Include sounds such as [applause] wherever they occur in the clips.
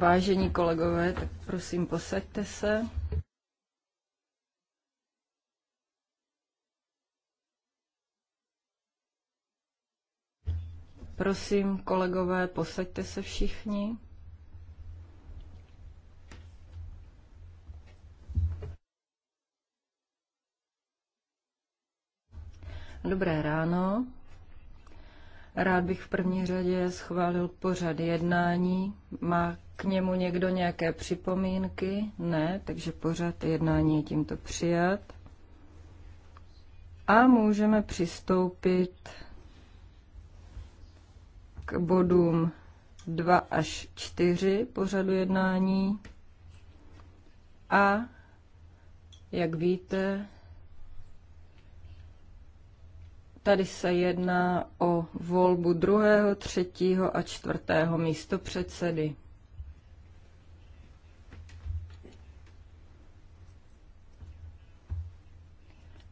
Vážení kolegové, tak prosím posaďte se. Prosím, kolegové, posaďte se všichni. Dobré ráno. Rád bych v první řadě schválil pořad jednání. Má k němu někdo nějaké připomínky? Ne, takže pořad jednání je tímto přijat. A můžeme přistoupit k bodům 2 až 4 pořadu jednání. A, jak víte, Tady se jedná o volbu druhého, třetího a čtvrtého místo předsedy.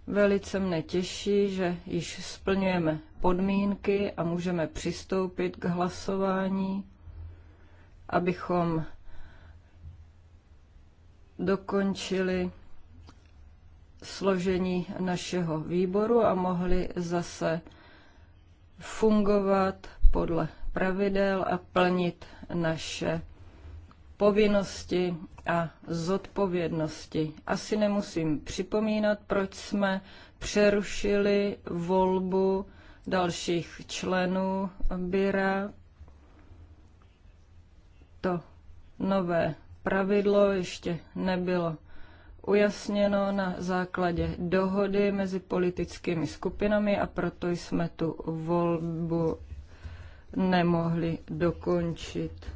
Velice mne těší, že již splňujeme podmínky a můžeme přistoupit k hlasování, abychom dokončili složení našeho výboru a mohli zase fungovat podle pravidel a plnit naše povinnosti a zodpovědnosti. Asi nemusím připomínat, proč jsme přerušili volbu dalších členů Byra. To nové pravidlo ještě nebylo ujasněno na základě dohody mezi politickými skupinami a proto jsme tu volbu nemohli dokončit.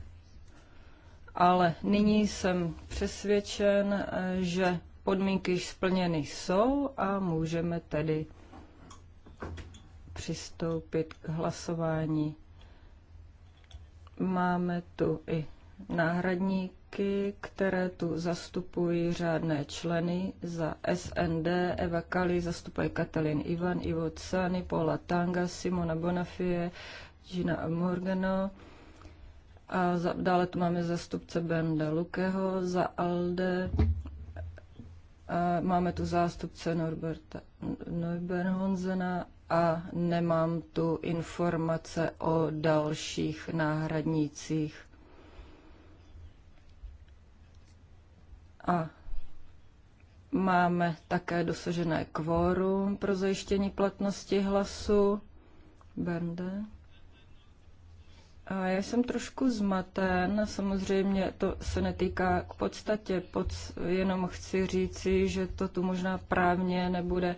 Ale nyní jsem přesvědčen, že podmínky splněny jsou a můžeme tedy přistoupit k hlasování. Máme tu i náhradní Baky, které tu zastupují řádné členy za SND, Eva Kali, zastupuje Katalin Ivan, Ivo Cany, Paula Tanga, Simona Bonafie, Gina Morgano. A za, dále tu máme zastupce Benda Lukeho za ALDE. A máme tu zástupce Norberta Neubernhonzena a nemám tu informace o dalších náhradnících. A máme také dosažené kvórum pro zajištění platnosti hlasu. Bernde. A já jsem trošku zmaten, samozřejmě to se netýká k podstatě, pod, jenom chci říci, že to tu možná právně nebude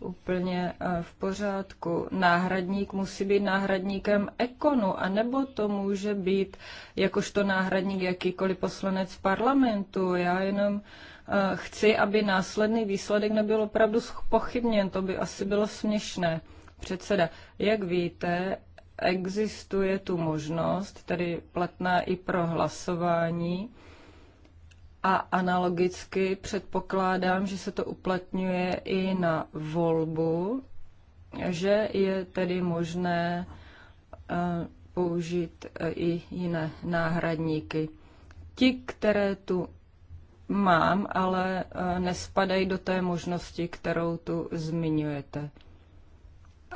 úplně eh, v pořádku. Náhradník musí být náhradníkem ekonu, anebo to může být jakožto náhradník jakýkoliv poslanec parlamentu. Já jenom eh, chci, aby následný výsledek nebyl opravdu pochybněn, to by asi bylo směšné. Předseda, jak víte, existuje tu možnost, tedy platná i pro hlasování, a analogicky předpokládám, že se to uplatňuje i na volbu, že je tedy možné eh, použít eh, i jiné náhradníky. Ti, které tu mám, ale eh, nespadají do té možnosti, kterou tu zmiňujete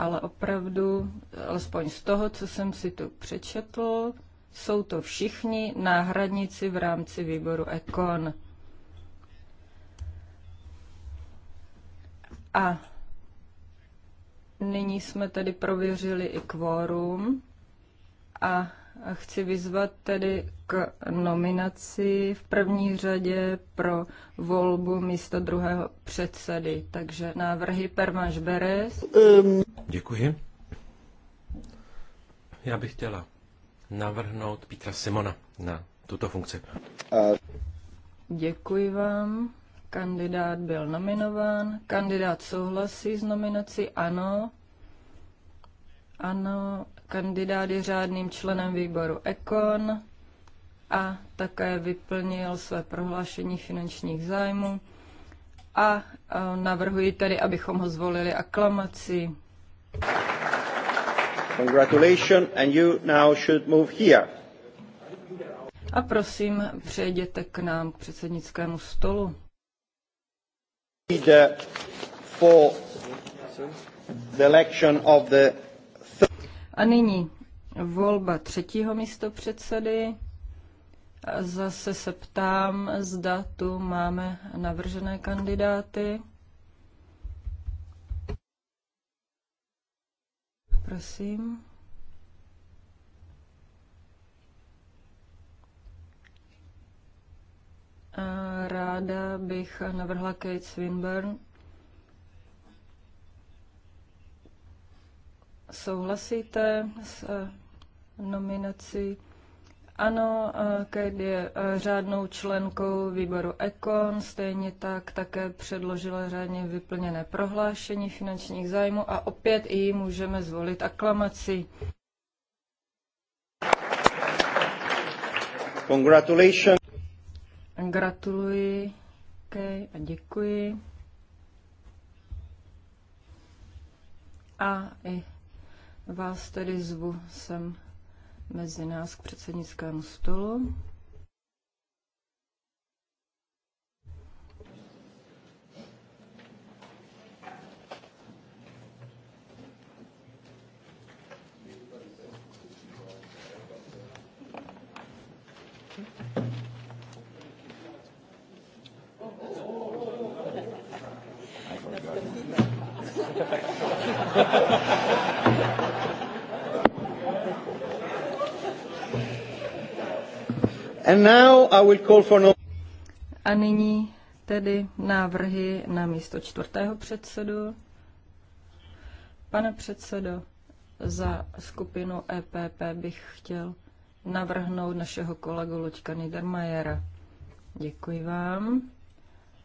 ale opravdu, alespoň z toho, co jsem si tu přečetl, jsou to všichni náhradníci v rámci výboru Ekon. A nyní jsme tedy prověřili i kvórum a chci vyzvat tedy k nominaci v první řadě pro volbu místo druhého předsedy. Takže návrhy Permaš Beres. Děkuji. Já bych chtěla navrhnout Petra Simona na tuto funkci. Děkuji vám. Kandidát byl nominován. Kandidát souhlasí s nominací? Ano. Ano, kandidát je řádným členem výboru EKON a také vyplnil své prohlášení finančních zájmů a e, navrhuji tedy, abychom ho zvolili aklamací. Congratulations and you now should move here. A prosím, přejděte k nám k předsednickému stolu. for the election of the... A nyní volba třetího místo předsedy. Zase se ptám, zda tu máme navržené kandidáty. Prosím. Ráda bych navrhla Kate Swinburne. Souhlasíte s nominací? Ano, eh, Kate je eh, řádnou členkou výboru Econ, stejně tak také předložila řádně vyplněné prohlášení finančních zájmů a opět i můžeme zvolit aklamací. Congratulations. Gratuluji okay, a děkuji. A i vás tedy zvu sem mezi nás k předsednickému stolu. No- A nyní tedy návrhy na místo čtvrtého předsedu. Pane předsedo, za skupinu EPP bych chtěl navrhnout našeho kolegu Luďka Niedermayera. Děkuji vám.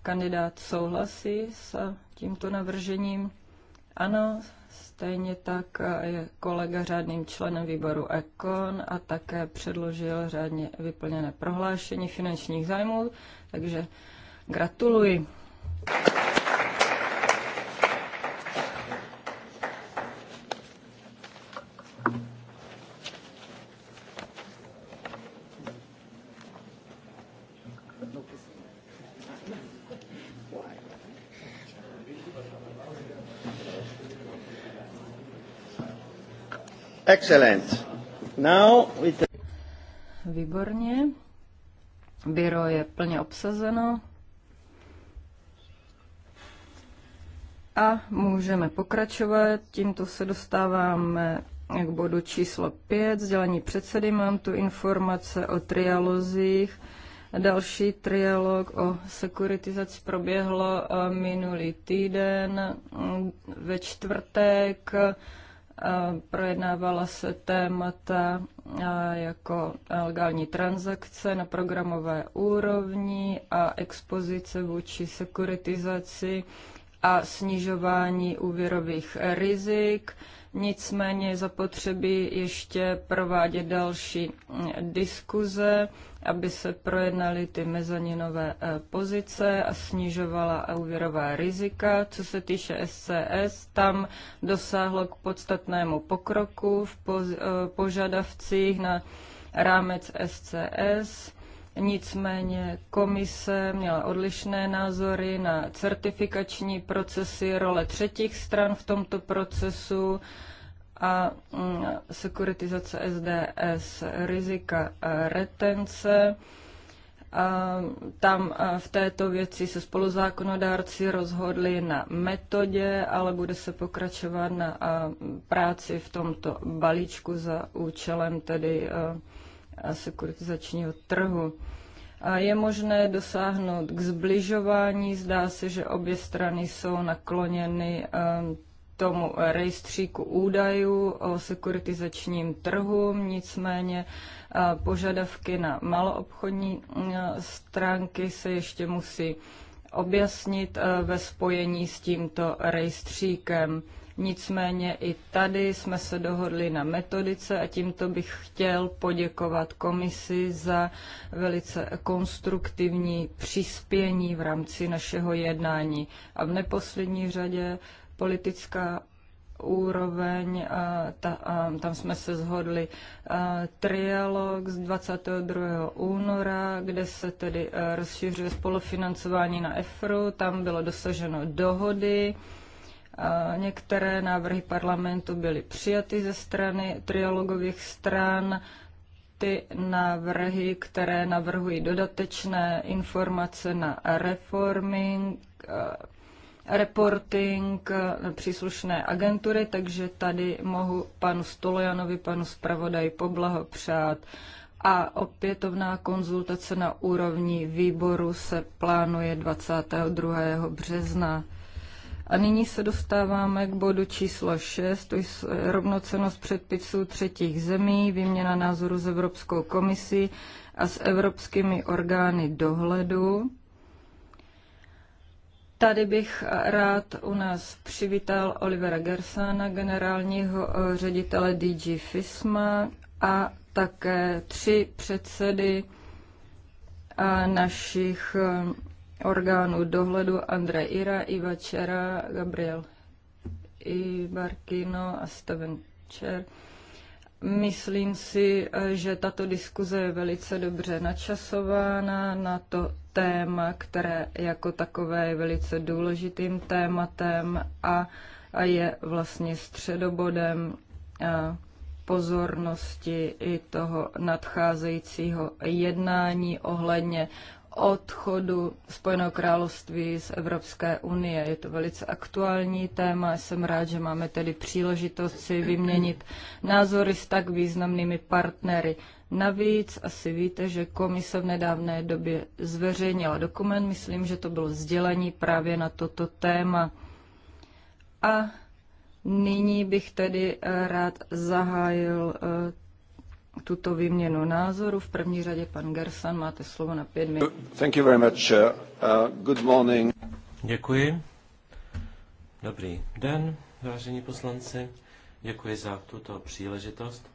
Kandidát souhlasí s tímto navržením. Ano, stejně tak je kolega řádným členem výboru EKON a také předložil řádně vyplněné prohlášení finančních zájmů, takže gratuluji. Excellent. Now with the... Výborně. Biro je plně obsazeno. A můžeme pokračovat. Tímto se dostáváme k bodu číslo 5, sdělení předsedy. Mám tu informace o trialozích. Další trialog o sekuritizaci proběhlo eh, minulý týden mm, ve čtvrtek. Projednávala se témata jako legální transakce na programové úrovni a expozice vůči sekuritizaci a snižování úvěrových rizik, Nicméně zapotřebí ještě provádět další mm, diskuze, aby se projednaly ty mezaninové e, pozice a snižovala úvěrová rizika. Co se týče SCS, tam dosáhlo k podstatnému pokroku v e, požadavcích na rámec SCS Nicméně komise měla odlišné názory na certifikační procesy, role třetích stran v tomto procesu a mm, sekuritizace SDS, rizika retence. A tam v této věci se spoluzákonodárci rozhodli na metodě, ale bude se pokračovat na práci v tomto balíčku za účelem tedy sekuritizačního trhu. A je možné dosáhnout k zbližování. Zdá se, že obě strany jsou nakloněny ehm, tomu rejstříku údajů o sekuritizačním trhu, nicméně požadavky na maloobchodní e, stránky se ještě musí objasnit e, ve spojení s tímto rejstříkem. Nicméně i tady jsme se dohodli na metodice a tímto bych chtěl poděkovat komisi za velice konstruktivní přispění v rámci našeho jednání. A v neposlední řadě politická úroveň, a ta, a tam jsme se zhodli a, trialog z 22. února, kde se tedy e, rozšiřuje spolufinancování na EFRU, tam bylo dosaženo dohody. Některé návrhy parlamentu byly přijaty ze strany trialogových stran. Ty návrhy, které navrhují dodatečné informace na reforming, reporting příslušné agentury, takže tady mohu panu Stolojanovi, panu zpravodaji poblahopřát. A opětovná konzultace na úrovni výboru se plánuje 22. března. A nyní se dostáváme k bodu číslo 6, to je rovnocenost předpisů třetích zemí, výměna názoru s Evropskou komisí a s evropskými orgány dohledu. Tady bych rád u nás přivítal Olivera Gersana, generálního eh, ředitele DG FISMA a také tři předsedy eh, našich eh, orgánů dohledu Andre Ira, Iva Čera, Gabriel Ibarkino a Steven Čer. Myslím si, že tato diskuze je velice dobře načasována na to téma, které jako takové je velice důležitým tématem a, a je vlastně středobodem pozornosti i toho nadcházejícího jednání ohledně odchodu Spojeného království z Evropské unie. Je to velice aktuální téma. Jsem rád, že máme tedy příležitost si vyměnit názory s tak významnými partnery. Navíc asi víte, že komise v nedávné době zveřejnila dokument, myslím, že to bylo sdělení právě na toto téma. A nyní bych tedy rád zahájil eh, tuto výměnu názoru. V první řadě pan Gersan, máte slovo na pět minut. Thank you very much. Uh, uh, good morning. Děkuji. Dobrý den, vážení poslanci. Děkuji za tuto příležitost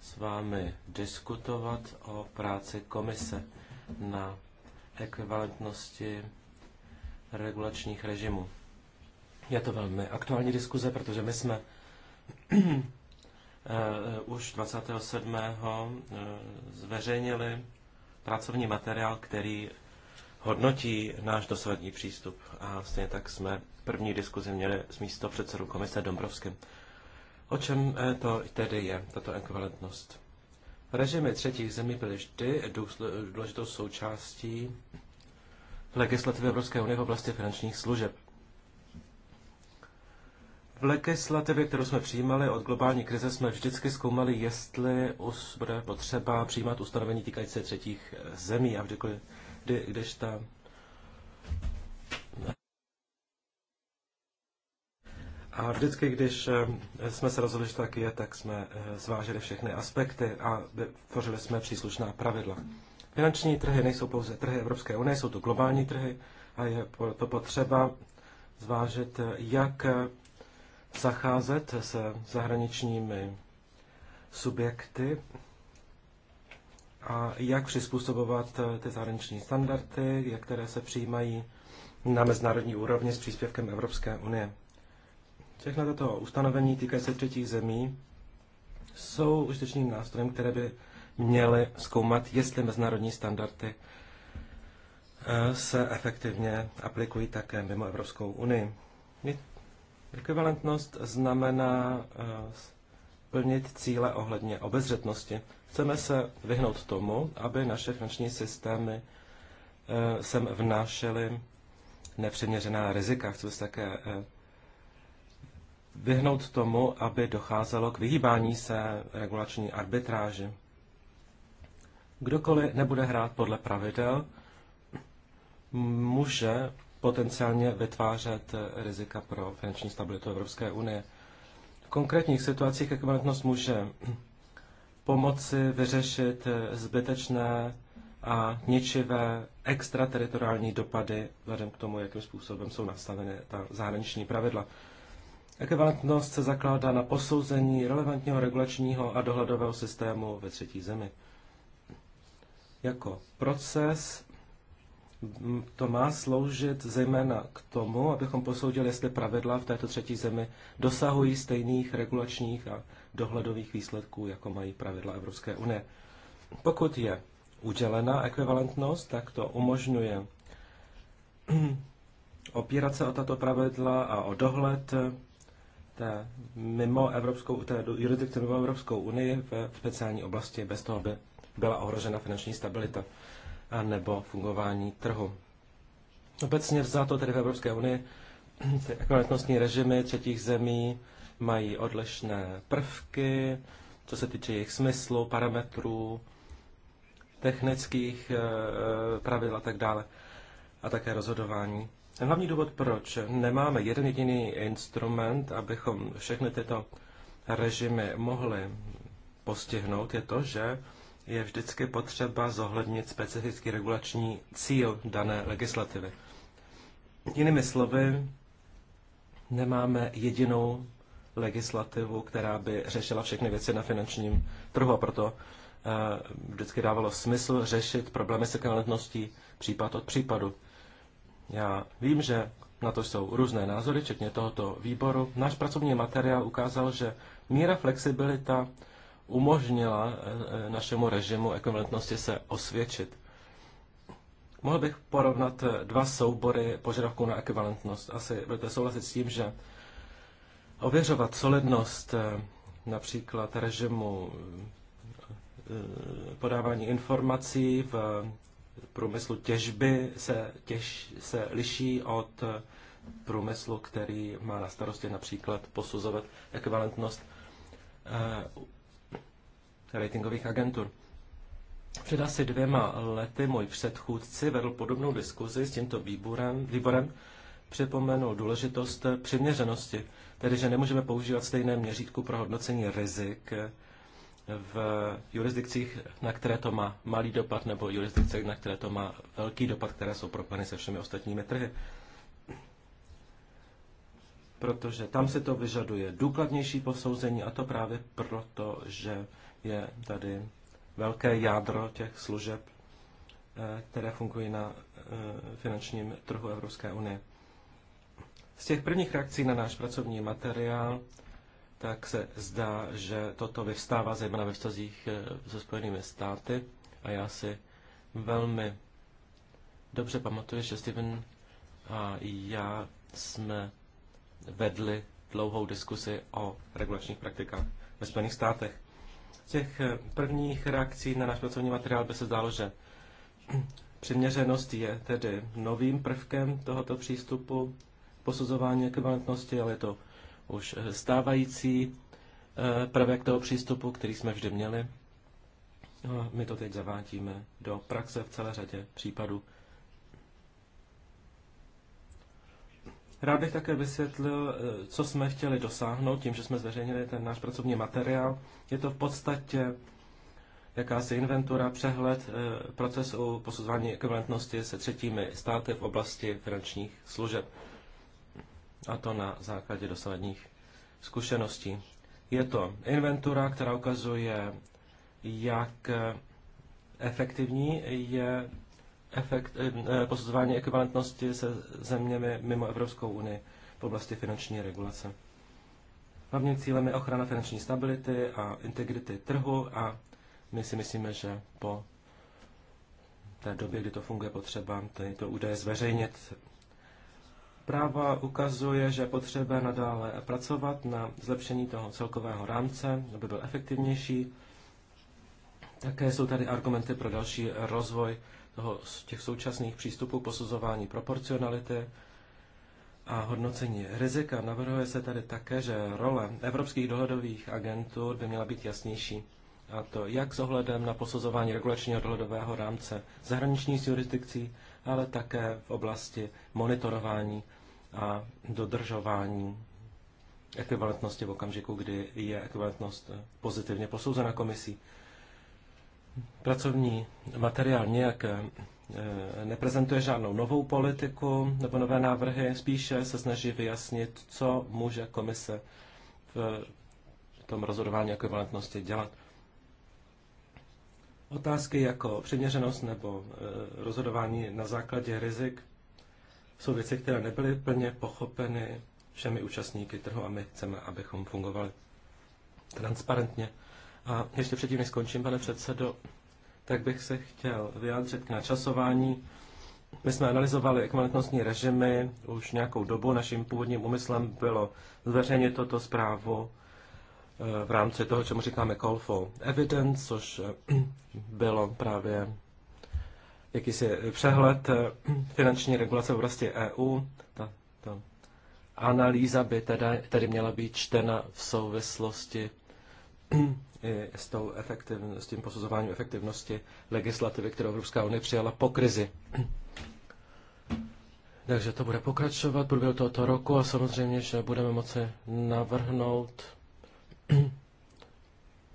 s vámi diskutovat o práci komise na ekvivalentnosti regulačních režimů. Je to velmi aktuální diskuze, protože my jsme Eh, už 27. Eh, zveřejnili pracovní materiál, který hodnotí náš dosavadní přístup. A stejně tak jsme první diskuzi měli s místo předsedu komise Dombrovským. O čem eh, to tedy je, tato ekvivalentnost? Režimy třetích zemí byly vždy důležitou součástí legislativy Evropské unie v oblasti finančních služeb. V legislativě, kterou jsme přijímali od globální krize, jsme vždycky zkoumali, jestli us, bude potřeba přijímat ustanovení týkající se třetích eh, zemí a vždy, kdy, když ta A vždycky, když eh, jsme se rozhodli, že tak je, tak jsme eh, zvážili všechny aspekty a vytvořili jsme příslušná pravidla. Finanční trhy nejsou pouze trhy Evropské unie, jsou to globální trhy a je to potřeba zvážit, jak zacházet se zahraničními subjekty a jak přizpůsobovat eh, ty zahraniční standardy, jak které se přijímají na mezinárodní úrovni s příspěvkem Evropské unie. Všechna tato ustanovení se třetích zemí jsou užitečným nástrojem, které by měly zkoumat, jestli mezinárodní standardy eh, se efektivně aplikují také mimo Evropskou unii. My Ekvivalentnost znamená eh, plnit cíle ohledně obezřetnosti. Chceme se vyhnout tomu, aby naše finanční systémy eh, sem vnášely nepřeměřená rizika. Chceme se také eh, vyhnout tomu, aby docházelo k vyhýbání se regulační arbitráži. Kdokoliv nebude hrát podle pravidel, může potenciálně vytvářet eh, rizika pro finanční stabilitu Evropské unie. V konkrétních situacích ekvivalentnost může [clears throat] pomoci vyřešit eh, zbytečné a ničivé extrateritoriální dopady vzhledem k tomu, jakým způsobem jsou nastaveny ta zahraniční pravidla. Ekvivalentnost se zakládá na posouzení relevantního regulačního a dohledového systému ve třetí zemi. Jako proces to má sloužit zejména k tomu, abychom posoudili, jestli pravidla v této třetí zemi dosahují stejných regulačních a dohledových výsledků, jako mají pravidla Evropské unie. Pokud je udělena ekvivalentnost, tak to umožňuje [clears throat] opírat se o tato pravidla a o dohled eh, té mimo Evropskou, té jurisdikce mimo Evropskou unii v speciální oblasti bez toho, aby byla ohrožena finanční stabilita a nebo fungování trhu. Obecně vzato tedy v Evropské unii ty ekonomickostní režimy třetích zemí mají odlišné prvky, co se týče jejich smyslu, parametrů, technických eh, pravidel a tak dále a také rozhodování. Ten hlavní důvod, proč nemáme jeden jediný instrument, abychom všechny tyto režimy mohli postihnout, je to, že je vždycky potřeba zohlednit specifický regulační cíl dané legislativy. Jinými slovy, nemáme jedinou legislativu, která by řešila všechny věci na finančním trhu a proto eh, vždycky dávalo smysl řešit problémy s případ od případu. Já vím, že na to jsou různé názory, včetně tohoto výboru. Náš pracovní materiál ukázal, že míra flexibilita umožnila eh, eh, našemu režimu ekvivalentnosti se osvědčit. Mohl bych porovnat eh, dva soubory požadavků na ekvivalentnost. Asi budete souhlasit s tím, že ověřovat solidnost například režimu podávání informací v průmyslu těžby se, těž, se liší od průmyslu, který má na starosti například posuzovat ekvivalentnost ratingových agentur. Před asi dvěma lety můj předchůdci vedl podobnou diskuzi s tímto výborem, výborem připomenul důležitost přiměřenosti, tedy že nemůžeme používat stejné měřítku pro hodnocení rizik v jurisdikcích, na které to má malý dopad, nebo jurisdikcích, na které to má velký dopad, které jsou propany se všemi ostatními trhy. Protože tam se to vyžaduje důkladnější posouzení a to právě proto, že je tady velké jádro těch služeb, eh, které fungují na eh, finančním trhu Evropské unie. Z těch prvních reakcí na náš pracovní materiál tak se zdá, že toto vyvstává zejména ve vztazích eh, se Spojenými státy a já si velmi dobře pamatuju, že Steven a já jsme vedli dlouhou diskusi o regulačních praktikách ve Spojených státech. Z těch eh, prvních reakcí na náš pracovní materiál by se zdálo, že [clears throat] přiměřenost je tedy novým prvkem tohoto přístupu posuzování ekvivalentnosti, ale je to už eh, stávající eh, prvek toho přístupu, který jsme vždy měli. No, my to teď zavádíme do praxe v celé řadě případů. Rád bych také vysvětlil, eh, co jsme chtěli dosáhnout tím, že jsme zveřejnili ten náš pracovní materiál. Je to v podstatě jakási inventura, přehled eh, procesu posuzování ekvivalentnosti se třetími státy v oblasti finančních služeb. A to na základě dosavadních zkušeností. Je to inventura, která ukazuje, jak eh, efektivní je efekt, eh, eh, posuzování ekvivalentnosti se zeměmi mimo Evropskou unii v oblasti finanční regulace. Hlavním cílem je ochrana finanční stability a integrity trhu a my si myslíme, že po té době, kdy to funguje potřeba, tyto údaje zveřejnit. Práva ukazuje, že potřeba nadále pracovat na zlepšení toho celkového rámce, aby byl efektivnější. Také jsou tady argumenty pro další rozvoj toho, z těch současných přístupů posuzování proporcionality a hodnocení rizika. Navrhuje se tady také, že role evropských dohledových agentů by měla být jasnější. A to jak s ohledem na posuzování regulačního dohledového rámce zahraničních jurisdikcí, ale také v oblasti monitorování a dodržování ekvivalentnosti v okamžiku, kdy je ekvivalentnost pozitivně posouzena komisí pracovní materiál nějak eh, eh, neprezentuje žádnou novou politiku nebo nové návrhy, spíše se snaží vyjasnit, co může komise v tom rozhodování ekvivalentnosti dělat. Otázky jako přiměřenost nebo eh, rozhodování na základě rizik jsou věci, které nebyly plně pochopeny všemi účastníky trhu a my chceme, abychom fungovali transparentně a ještě předtím, než skončím, pane předsedo, tak bych se chtěl vyjádřit k načasování. My jsme analyzovali ekvivalentnostní režimy už nějakou dobu. Naším původním úmyslem bylo zveřejnit toto zprávu eh, v rámci toho, čemu říkáme call for evidence, což eh, [clears throat] bylo právě jakýsi přehled eh, finanční regulace v oblasti EU. Ta, ta analýza by teda, tedy měla být čtena v souvislosti i s, tou efektiv, s tím posuzováním efektivnosti legislativy, kterou Evropská unie přijala po krizi. Takže to bude pokračovat průběhu tohoto roku a samozřejmě, že budeme moci navrhnout [clears throat]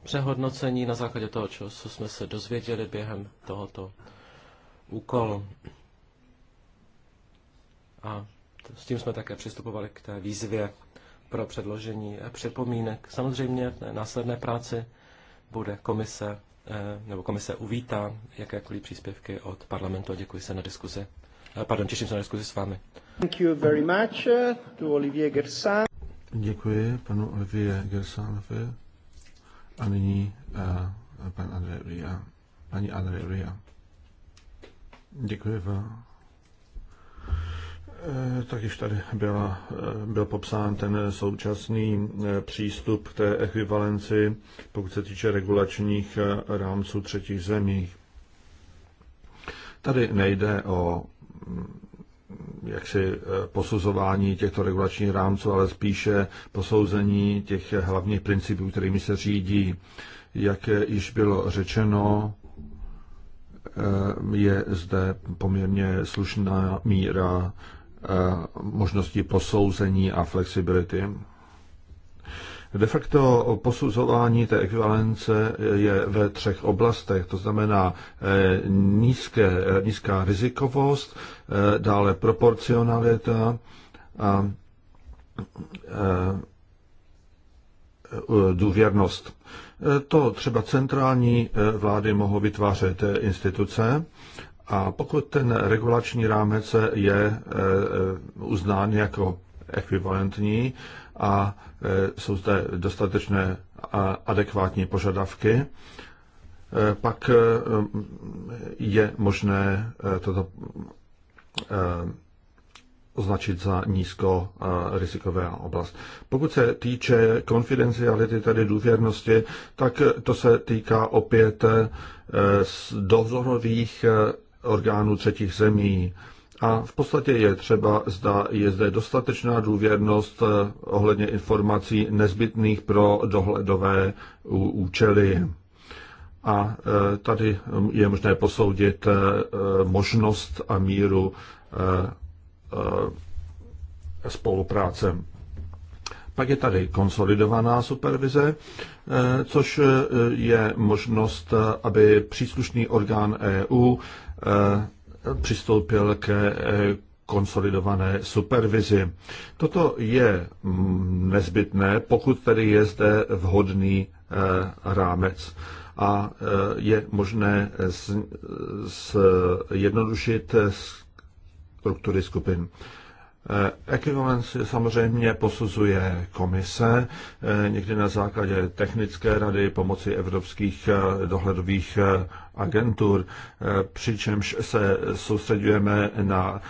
přehodnocení na základě toho, co jsme se dozvěděli během tohoto úkolu. A s tím jsme také přistupovali k té výzvě pro předložení připomínek. Samozřejmě v následné práci bude komise, eh, nebo komise uvítá jakékoliv příspěvky od parlamentu a děkuji se na diskuzi. Eh, pardon, těším se na diskuzi s vámi. Thank you very much eh, to Olivier Gersan. Děkuji panu Olivier Gersanovi a nyní uh, pan André Ria. Pani André Ria. Děkuji vám. Eh, tak již tady byla, eh, byl popsán ten současný eh, přístup k té ekvivalenci, pokud se týče regulačních rámců třetích zemí. Tady nejde o mm, jaksi posuzování těchto regulačních rámců, ale spíše posouzení těch hlavních principů, kterými se řídí. Jak již bylo řečeno, je zde poměrně slušná míra Eh, možnosti posouzení a flexibility. De facto posuzování té ekvivalence je ve třech oblastech, to znamená eh, nízké, eh, nízká rizikovost, dále proporcionalita a důvěrnost. To třeba centrální vlády mohou vytvářet instituce a pokud ten regulační rámec je e, e, uznán jako ekvivalentní a e, jsou zde dostatečné a adekvátní požadavky, pak je možné toto označit za nízko rizikové oblast. Pokud se týče konfidenciality, tedy důvěrnosti, tak to se týká opět dozorových orgánů třetích zemí. A v podstatě je třeba, zda je zde dostatečná důvěrnost eh, ohledně informací nezbytných pro dohledové účely. A eh, tady hm, je možné posoudit eh, možnost a míru spolupráce. Pak je tady konsolidovaná supervize, což je možnost, aby příslušný orgán EU Eh, přistoupil ke eh, konsolidované supervizi. Toto je mm, nezbytné, pokud tedy je zde vhodný eh, rámec a je možné zjednodušit struktury skupin. Ekvivalenci eh, samozřejmě posuzuje komise, eh, někdy na základě technické rady pomoci evropských eh, dohledových agentur, přičemž se soustředujeme na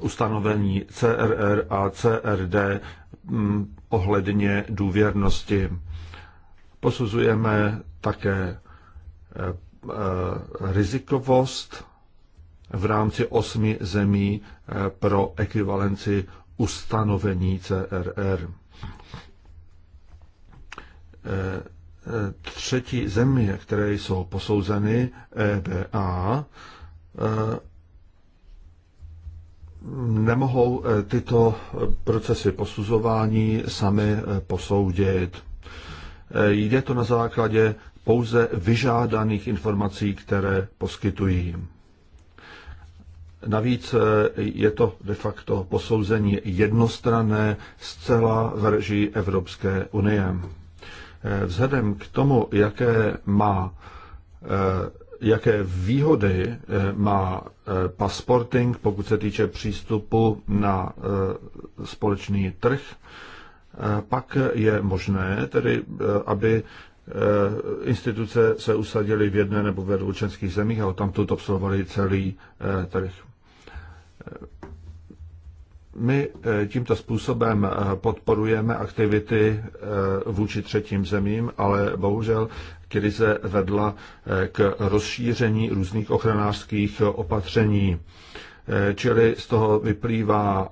ustanovení CRR a CRD hm, ohledně důvěrnosti. Posuzujeme také rizikovost v rámci osmi zemí eh, pro ekvivalenci ustanovení CRR. Eh, eh, třetí země, které jsou posouzeny EBA, nemohou tyto procesy posuzování sami posoudit. Jde to na základě pouze vyžádaných informací, které poskytují. Navíc eh, je to de facto posouzení jednostrané zcela v Evropské unie. Eh, vzhledem k tomu, jaké má eh, jaké výhody má pasporting, pokud se týče přístupu na společný trh, pak je možné tedy, aby instituce se usadily v jedné nebo ve dvou členských zemích a tam tuto obsluhovali celý trh. My eh, tímto způsobem eh, podporujeme aktivity eh, vůči třetím zemím, ale bohužel krize vedla k rozšíření různých ochranářských opatření. Čili z toho vyplývá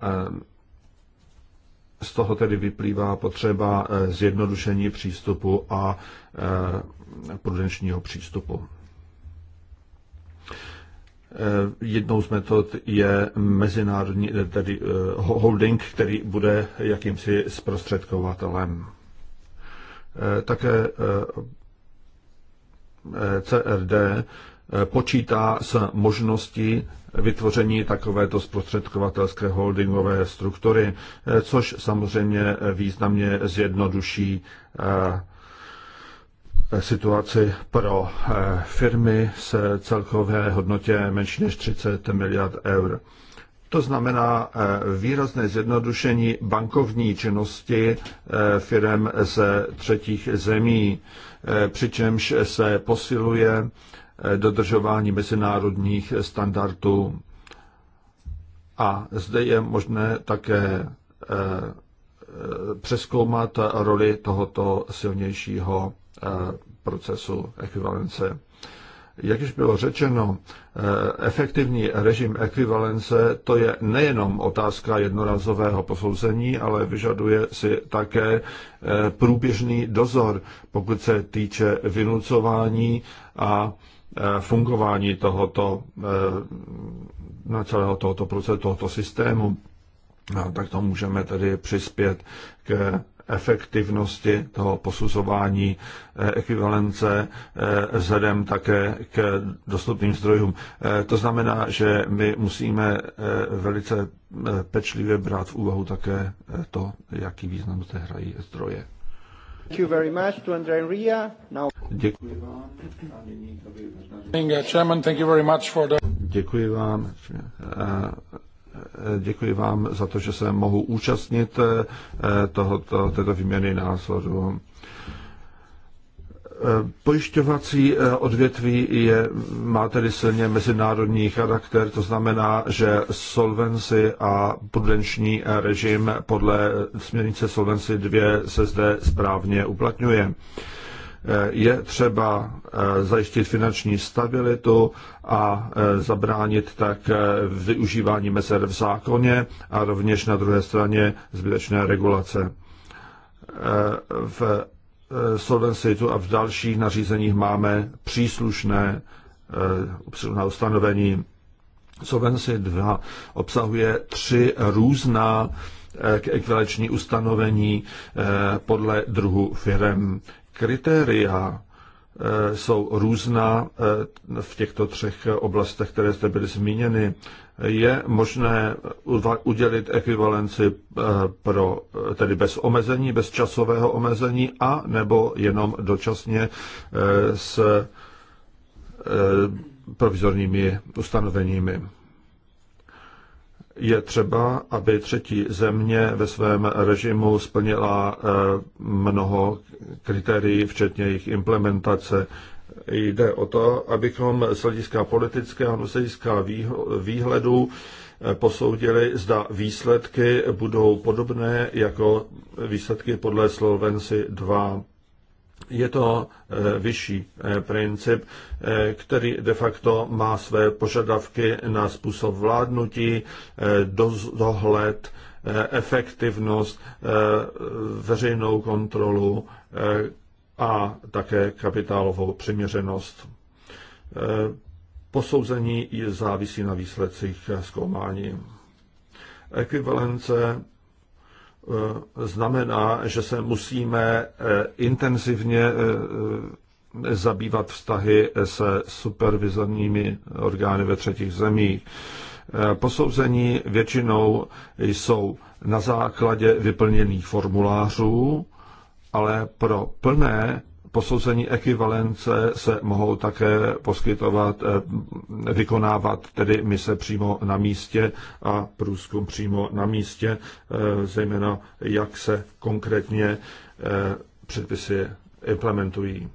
z toho tedy vyplývá potřeba zjednodušení přístupu a prudenčního přístupu. Eh, jednou z metod je mezinárodní eh, tedy eh, holding, který bude jakýmsi zprostředkovatelem. Také CRD počítá s možností vytvoření takovéto zprostředkovatelské holdingové struktury, což samozřejmě významně zjednoduší situaci pro eh, firmy s celkové hodnotě menší než 30 miliard eur. To znamená eh, výrazné zjednodušení bankovní činnosti eh, firm ze třetích zemí, přičemž se posiluje dodržování mezinárodních standardů. A zde je možné také přeskoumat roli tohoto silnějšího Eh, procesu ekvivalence. Jak již bylo řečeno, eh, efektivní režim ekvivalence to je nejenom otázka jednorazového posouzení, ale vyžaduje si také eh, průběžný dozor, pokud se týče vynucování a fungování tohoto, na celého tohoto procesu, tohoto systému. No, tak to můžeme tedy přispět k efektivnosti toho posuzování eh, ekvivalence eh, vzhledem také k dostupným zdrojům. Eh, to znamená, že my musíme velice pečlivě brát v úvahu také to, jaký význam zde hrají zdroje. Děkuji vám. Děkuji vám. Děkuji vám za to, že se mohu účastnit eh, tohoto, této výměny názoru. Eh, pojišťovací eh, odvětví je, má tedy silně mezinárodní charakter, to znamená, že solvenci a prudenční režim podle směrnice Solvency 2 se zde správně uplatňuje je třeba eh, zajistit finanční stabilitu a eh, zabránit tak eh, využívání mezer v zákoně a rovněž na druhé straně zbytečné regulace. V Solvency a v dalších nařízeních máme příslušné na ustanovení. Solvency 2 obsahuje tři různá k ekvivalenční ustanovení podle druhu firem kritéria eh, jsou různá eh, v těchto třech oblastech, které zde byly zmíněny. Je možné udělit ekvivalenci eh, pro, tedy bez omezení, bez časového omezení a nebo jenom dočasně s provizorními ustanoveními je třeba, aby třetí země ve svém režimu splnila eh, mnoho kritérií, včetně jejich implementace. Jde o to, abychom z hlediska politického, z hlediska výhledu eh, posoudili, zda výsledky budou podobné jako výsledky podle Solvency 2 je to eh, vyšší eh, princip, eh, který de facto má své požadavky na způsob vládnutí, dohled, efektivnost, veřejnou kontrolu a také kapitálovou přiměřenost. Posouzení závisí na výsledcích zkoumání. Ekvivalence Eh, znamená, že se musíme eh, intenzivně eh, zabývat vztahy se supervizorními orgány ve třetích zemích. Posouzení většinou jsou na základě vyplněných formulářů, ale pro plné posouzení ekvivalence se mohou také poskytovat, eh, vykonávat tedy mise přímo na místě a průzkum přímo na místě, eh, zejména jak se konkrétně eh, předpisy implementují.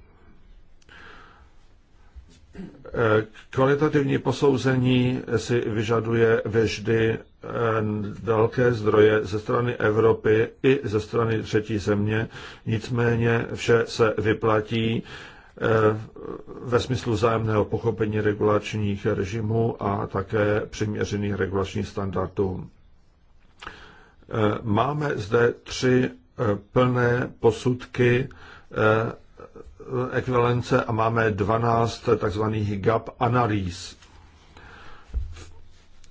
Kvalitativní posouzení si vyžaduje vždy Eh, velké zdroje ze strany Evropy i ze strany třetí země. Nicméně vše se vyplatí eh, ve smyslu zájemného pochopení regulačních režimů a také přiměřených regulačních standardů. Eh, máme zde tři plné posudky ekvivalence a máme 12 takzvaných gap analýz.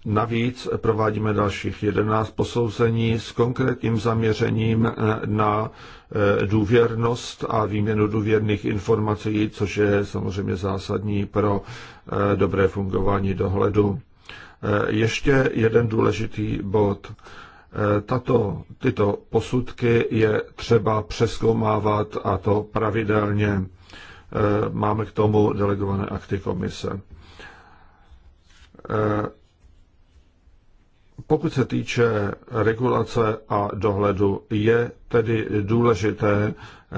Navíc provádíme dalších 11 posouzení s konkrétním zaměřením na eh, důvěrnost a výměnu důvěrných informací, což je samozřejmě zásadní pro eh, dobré fungování dohledu. Eh, ještě jeden důležitý bod. Tato, tyto posudky je třeba přeskoumávat a to pravidelně. Máme k tomu delegované akty komise pokud se týče regulace a dohledu, je tedy důležité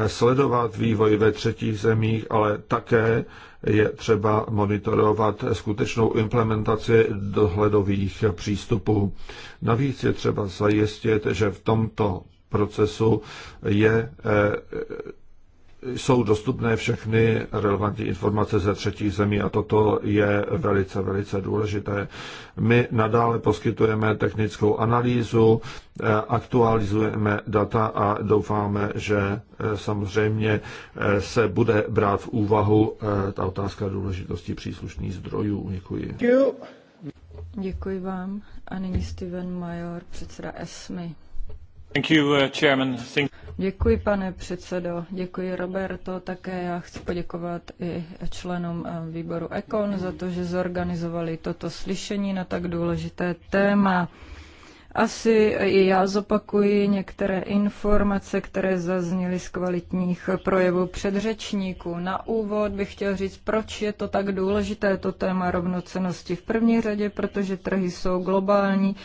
sledovat vývoj ve třetích zemích, ale také je třeba monitorovat skutečnou implementaci dohledových přístupů. Navíc je třeba zajistit, že v tomto procesu je eh, jsou dostupné všechny relevantní informace ze třetích zemí a toto je velice, velice důležité. My nadále poskytujeme technickou analýzu, eh, aktualizujeme data a doufáme, že eh, samozřejmě eh, se bude brát v úvahu ta otázka důležitosti příslušných zdrojů. Děkuji. Děkuji vám. A nyní Steven Major, předseda ESMI. Uh, Děkuji, pane předsedo. Děkuji, Roberto. Také já chci poděkovat i členům eh, výboru ECON za to, že zorganizovali toto slyšení na tak důležité téma. Asi i já zopakuji některé informace, které zazněly z kvalitních projevů předřečníků. Na úvod bych chtěl říct, proč je to tak důležité, to téma rovnocenosti. V první řadě, protože trhy jsou globální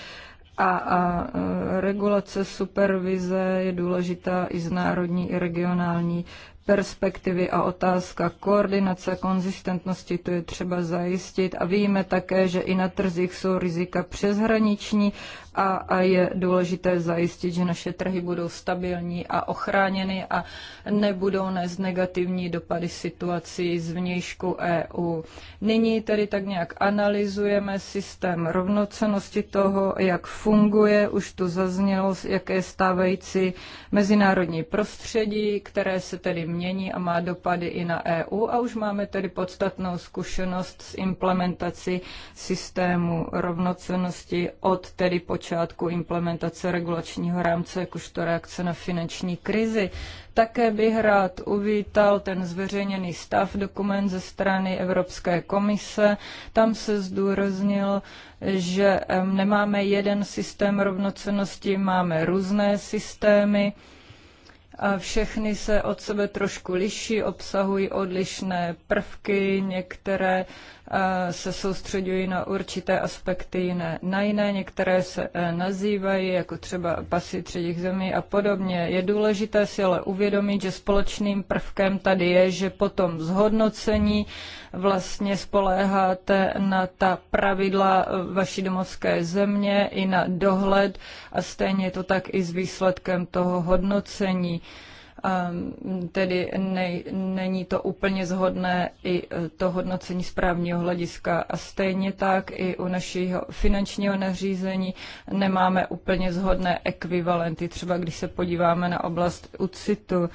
a, a e, regulace supervize je důležitá i z národní i regionální perspektivy a otázka koordinace, konzistentnosti, to je třeba zajistit. A víme také, že i na trzích jsou rizika přeshraniční a, a je důležité zajistit, že naše trhy budou stabilní a ochráněny a nebudou nést negativní dopady situací z vnějšku EU. Nyní tedy tak nějak analyzujeme systém rovnocenosti toho, jak funguje, už tu zaznělo, jaké stávající mezinárodní prostředí, které se tedy mění a má dopady i na EU a už máme tedy podstatnou zkušenost s implementací systému rovnocenosti od tedy počátku implementace regulačního rámce, jakožto reakce na finanční krizi. Také bych rád uvítal ten zveřejněný stav dokument ze strany Evropské komise. Tam se zdůraznil, že nemáme jeden systém rovnocenosti, máme různé systémy a všechny se od sebe trošku liší, obsahují odlišné prvky, některé Eh, se soustředují na určité aspekty jiné na jiné, některé se eh, nazývají jako třeba pasy třetích zemí a podobně. Je důležité si ale uvědomit, že společným prvkem tady je, že potom zhodnocení vlastně spoléháte na ta pravidla vaší domovské země i na dohled a stejně je to tak i s výsledkem toho hodnocení. Ehm, tedy ne, není to úplně zhodné i eh, to hodnocení správního hlediska. A stejně tak i u našeho finančního nařízení nemáme úplně zhodné ekvivalenty, třeba když se podíváme na oblast UCITu.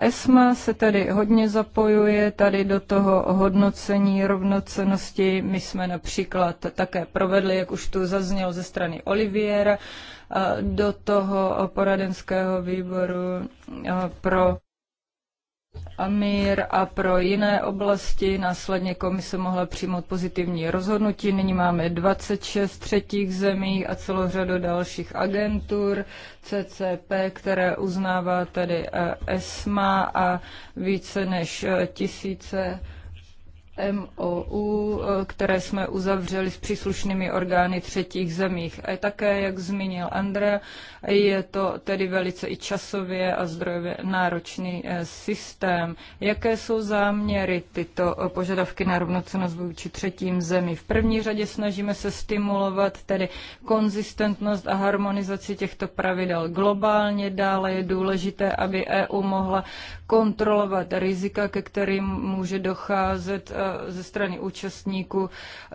ESMA se tedy hodně zapojuje tady do toho hodnocení rovnocenosti. My jsme například také provedli, jak už tu zazněl ze strany Oliviera, Eh, do toho poradenského výboru eh, pro Amír a pro jiné oblasti. Následně komise mohla přijmout pozitivní rozhodnutí. Nyní máme 26 třetích zemí a celou řadu dalších agentur CCP, které uznává tedy eh, ESMA a více než tisíce MOU, eh, které jsme uzavřeli s příslušnými orgány třetích zemích. A také, jak zmínil Andrea, je to tedy velice i časově a zdrojově náročný eh, systém. Jaké jsou záměry tyto eh, požadavky na rovnocenost vůči třetím zemi? V první řadě snažíme se stimulovat tedy konzistentnost a harmonizaci těchto pravidel globálně. Dále je důležité, aby EU mohla kontrolovat rizika, ke kterým může docházet eh, ze strany účastníků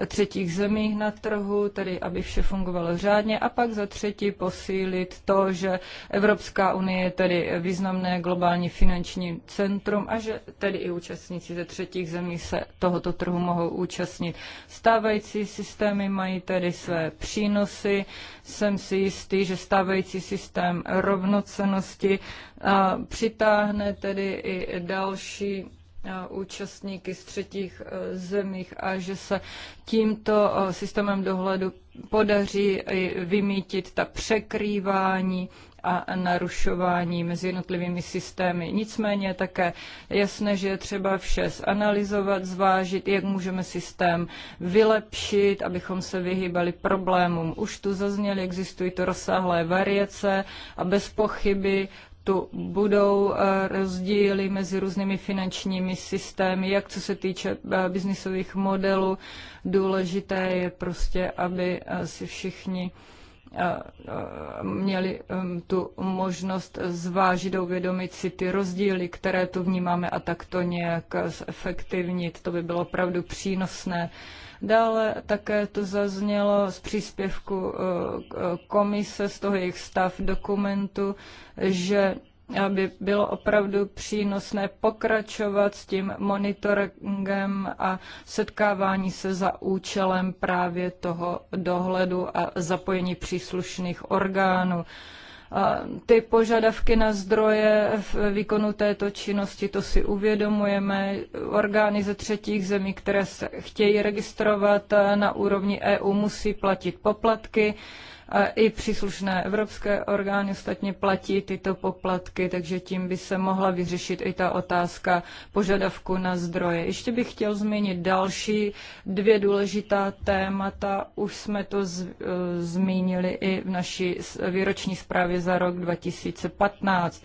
třetích zemí na trhu, tedy aby vše fungovalo řádně a pak za třetí posílit to, že Evropská unie je tedy významné globální finanční centrum a že tedy i účastníci ze třetích zemí se tohoto trhu mohou účastnit. Stávající systémy mají tedy své přínosy. Jsem si jistý, že stávající systém rovnocenosti eh, přitáhne tedy i další účastníky z třetích e, zemích a že se tímto e, systémem dohledu podaří vymítit ta překrývání a narušování mezi jednotlivými systémy. Nicméně také jasné, že je třeba vše zanalizovat, zvážit, jak můžeme systém vylepšit, abychom se vyhýbali problémům. Už tu zazněly, existují to rozsáhlé variace a bez pochyby tu budou eh, rozdíly mezi různými finančními systémy, jak co se týče eh, biznisových modelů. Důležité je prostě, aby eh, si všichni měli tu možnost zvážit a uvědomit si ty rozdíly, které tu vnímáme a tak to nějak zefektivnit. To by bylo opravdu přínosné. Dále také to zaznělo z příspěvku eh, eh, komise, z toho jejich stav dokumentu, že aby bylo opravdu přínosné pokračovat s tím monitoringem a setkávání se za účelem právě toho dohledu a zapojení příslušných orgánů ty požadavky na zdroje v výkonu této činnosti, to si uvědomujeme. Orgány ze třetích zemí, které se chtějí registrovat na úrovni EU, musí platit poplatky i příslušné evropské orgány ostatně platí tyto poplatky, takže tím by se mohla vyřešit i ta otázka požadavku na zdroje. Ještě bych chtěl zmínit další dvě důležitá témata. Už jsme to z, e, zmínili i v naší výroční zprávě za rok 2015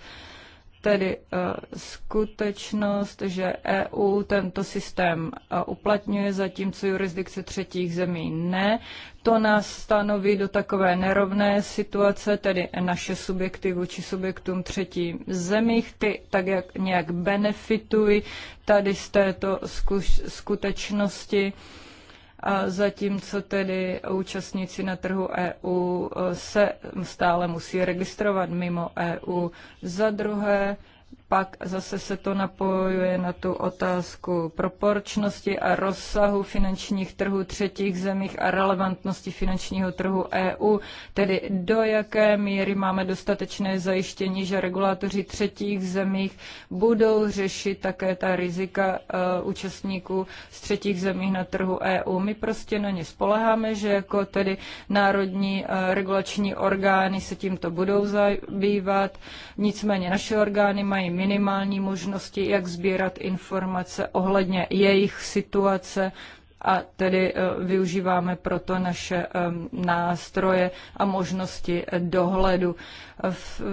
tedy eh, skutečnost, že EU tento systém eh, uplatňuje, zatímco jurisdikce třetích zemí ne, to nás stanoví do takové nerovné situace, tedy naše subjekty vůči subjektům třetí zemích, ty tak jak nějak benefitují tady z této skutečnosti. Uh, zatímco tedy účastníci na trhu EU eh, se stále musí registrovat mimo EU. Za druhé, pak zase se to napojuje na tu otázku proporčnosti a rozsahu finančních trhů třetích zemích a relevantnosti finančního trhu EU, tedy do jaké míry máme dostatečné zajištění, že regulátoři třetích zemích budou řešit také ta rizika uh, účastníků z třetích zemí na trhu EU. My prostě na ně spoleháme, že jako tedy národní uh, regulační orgány se tímto budou zabývat, nicméně naše orgány mají minimální možnosti, jak sbírat informace ohledně jejich situace, a tedy eh, využíváme proto naše nástroje a možnosti eh, dohledu.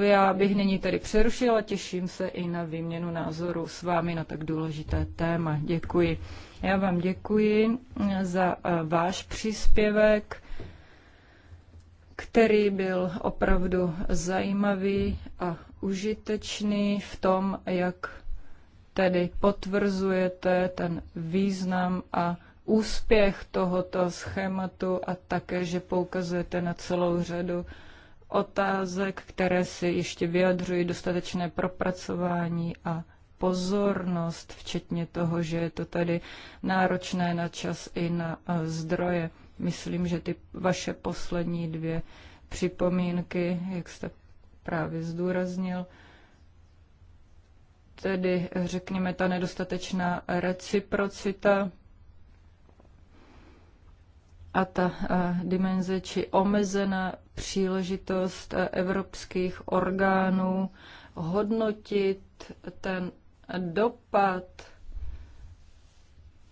Já bych nyní tedy přerušila, těším se i na výměnu názorů s vámi na tak důležité téma. Děkuji. Já vám děkuji eh, za váš příspěvek který byl opravdu zajímavý a užitečný v tom, jak tedy potvrzujete ten význam a úspěch tohoto schématu a také, že poukazujete na celou řadu otázek, které si ještě vyjadřují dostatečné propracování a pozornost, včetně toho, že je to tady náročné na čas i na e, zdroje. Myslím, že ty vaše poslední dvě připomínky, jak jste právě zdůraznil, tedy řekněme ta nedostatečná reciprocita a ta eh, dimenze či omezená příležitost eh, evropských orgánů hodnotit ten dopad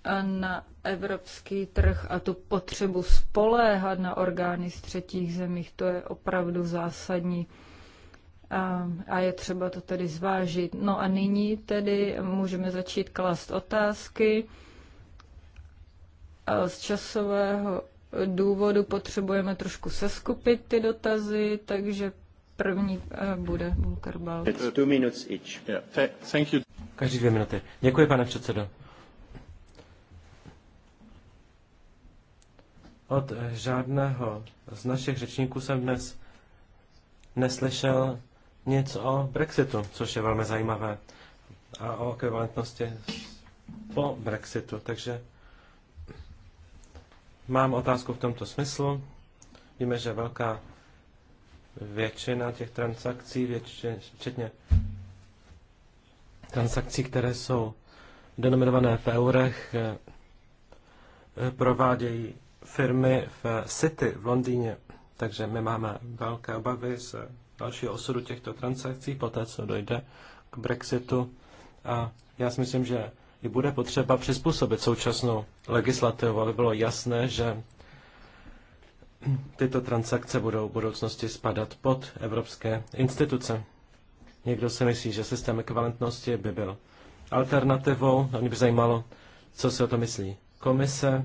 eh, na evropský trh a tu potřebu spoléhat na orgány z třetích zemích, to je opravdu zásadní a je třeba to tedy zvážit. No a nyní tedy můžeme začít klást otázky. A z časového důvodu potřebujeme trošku seskupit ty dotazy, takže první bude Bulkar Každý dvě minuty. Děkuji, pane předsedo. Od eh, žádného z našich řečníků jsem dnes neslyšel Něco o Brexitu, což je velmi zajímavé, a o ekvivalentnosti po Brexitu. Takže mám otázku v tomto smyslu. Víme, že velká většina těch transakcí, většině, včetně transakcí, které jsou denominované v eurech, eh, provádějí firmy v City v Londýně. Takže my máme velké obavy z dalšího osudu těchto transakcí, poté co dojde k Brexitu. A já si myslím, že i bude potřeba přizpůsobit současnou legislativu, aby bylo jasné, že tyto transakce budou v budoucnosti spadat pod evropské instituce. Někdo si myslí, že systém ekvivalentnosti by byl alternativou. A no, mě by zajímalo, co si o to myslí komise.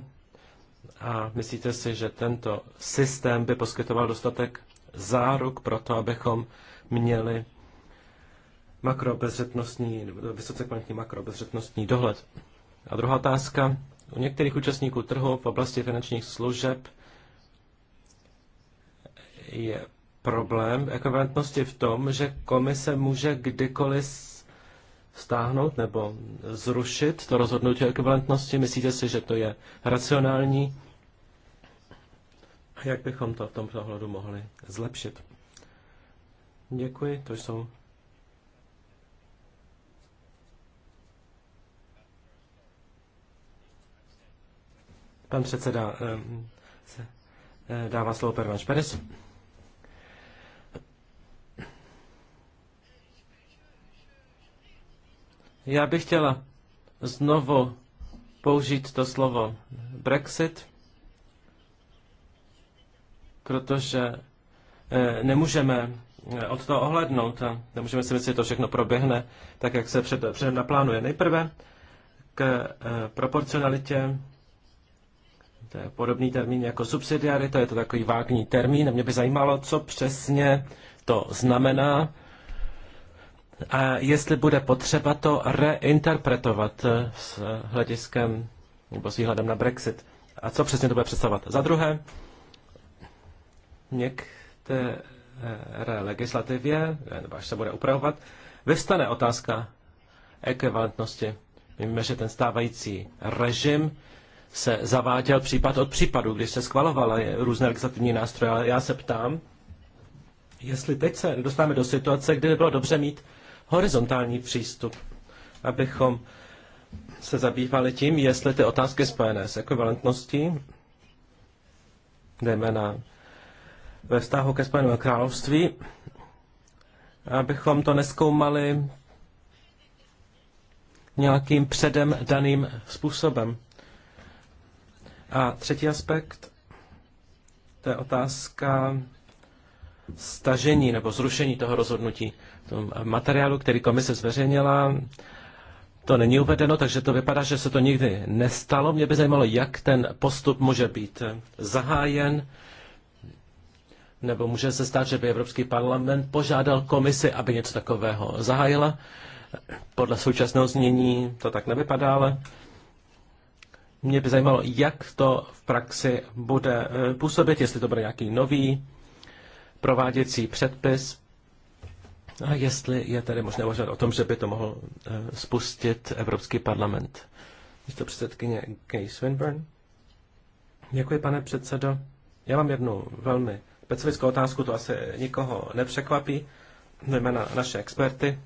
A myslíte si, že tento systém by poskytoval dostatek záruk pro to, abychom měli makrobezřetnostní, vysoce kvalitní makrobezřetnostní dohled. A druhá otázka. U některých účastníků trhu v oblasti finančních služeb je problém ekvivalentnosti v tom, že komise může kdykoliv stáhnout nebo zrušit to rozhodnutí o ekvivalentnosti. Myslíte si, že to je racionální? A jak bychom to v tom ohledu mohli zlepšit? Děkuji, to jsou Pan předseda ehm, se eh, dává slovo Pervanš Šperis. Já bych chtěla znovu použít to slovo Brexit protože eh, nemůžeme eh, od toho ohlednout a nemůžeme si myslet, že to všechno proběhne tak, jak se před, předem naplánuje. Nejprve k eh, proporcionalitě, to je podobný termín jako subsidiarita, je to takový vágní termín. Mě by zajímalo, co přesně to znamená a jestli bude potřeba to reinterpretovat s hlediskem nebo s výhledem na Brexit. A co přesně to bude představovat. Za druhé, některé legislativě, nebo až se bude upravovat, vyvstane otázka ekvivalentnosti. Víme, že ten stávající režim se zaváděl případ od případu, když se schvalovaly různé legislativní nástroje, ale já se ptám, jestli teď se dostáváme do situace, kdy by bylo dobře mít horizontální přístup, abychom se zabývali tím, jestli ty otázky spojené s ekvivalentností, na ve vztahu ke Spojenému království, abychom to neskoumali nějakým předem daným způsobem. A třetí aspekt, to je otázka stažení nebo zrušení toho rozhodnutí. V tom materiálu, který komise zveřejnila, to není uvedeno, takže to vypadá, že se to nikdy nestalo. Mě by zajímalo, jak ten postup může být zahájen, nebo může se stát, že by Evropský parlament požádal komisi, aby něco takového zahájila. Podle současného znění to tak nevypadá, ale mě by zajímalo, jak to v praxi bude eh, působit, jestli to bude nějaký nový prováděcí předpis a jestli je tady možné uvažovat o tom, že by to mohl eh, spustit Evropský parlament. Místo předsedkyně Kay Swinburne. Děkuji, pane předsedo. Já mám jednu velmi specifickou otázku, to asi nikoho nepřekvapí, zejména naše experty.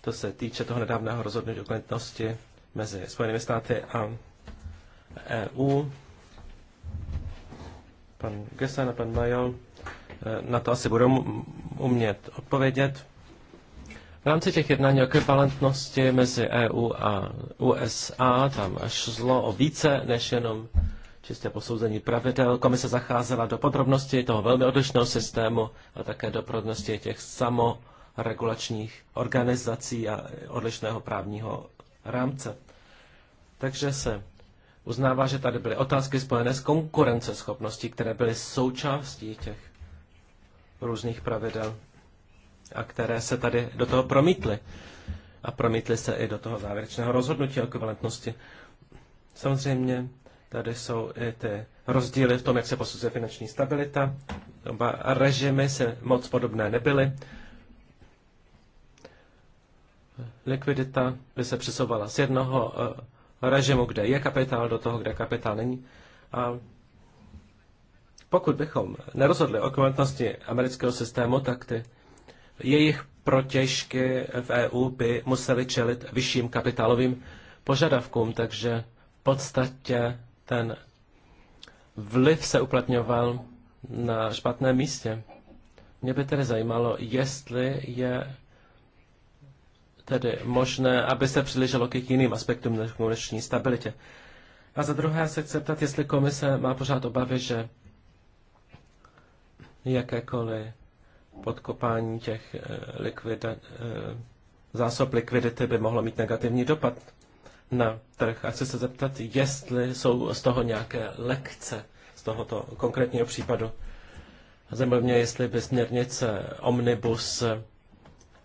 To se týče toho nedávného rozhodnutí o konečnosti mezi Spojenými státy a EU. Pan Gesen a pan Majol eh, na to asi budou umět odpovědět. V rámci těch jednání o ekvivalentnosti mezi EU a USA tam šlo o více než jenom čistě posouzení pravidel. Komise zacházela do podrobností toho velmi odlišného systému ale také do podrobností těch samoregulačních organizací a odlišného právního rámce. Takže se uznává, že tady byly otázky spojené s konkurenceschopností, které byly součástí těch různých pravidel a které se tady do toho promítly. A promítly se i do toho závěrečného rozhodnutí o ekvivalentnosti. Samozřejmě Tady jsou i ty rozdíly v tom, jak se posuzuje finanční stabilita. Oba režimy se moc podobné nebyly. Likvidita by se přesouvala z jednoho eh, režimu, kde je kapitál, do toho, kde kapitál není. A pokud bychom nerozhodli o kvalitnosti amerického systému, tak ty jejich protěžky v EU by museli čelit vyšším kapitálovým požadavkům, takže v podstatě ten vliv se uplatňoval na špatném místě. Mě by tedy zajímalo, jestli je tedy možné, aby se přileželo k jiným aspektům než komunistní stabilitě. A za druhé se chci ptat, jestli komise má pořád obavy, že jakékoliv podkopání těch eh, likvida, eh, zásob likvidity by mohlo mít negativní dopad na trh a chci se zeptat, jestli jsou z toho nějaké lekce z tohoto konkrétního případu. Zajímá mě, jestli by směrnice Omnibus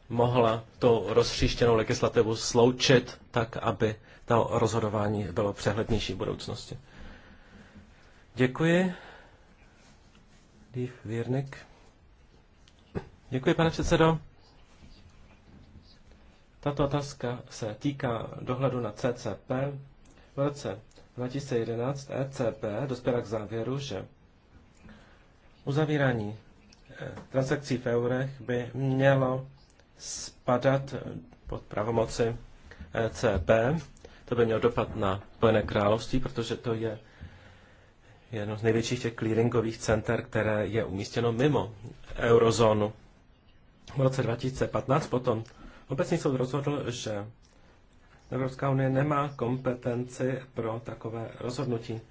mohla tu rozšíštěnou legislativu sloučit tak, aby to rozhodování bylo přehlednější v budoucnosti. Děkuji. Dýv Děkuji, pane předsedo. Tato otázka se týká dohledu na CCP. V roce 2011 ECB dospěla k závěru, že uzavírání eh, transakcí v eurech by mělo spadat pod pravomoci ECB. To by mělo dopad na Spojené království, protože to je jedno z největších těch clearingových center, které je umístěno mimo eurozónu. V roce 2015 potom Obecný soud rozhodl, že Evropská unie nemá kompetenci pro takové rozhodnutí.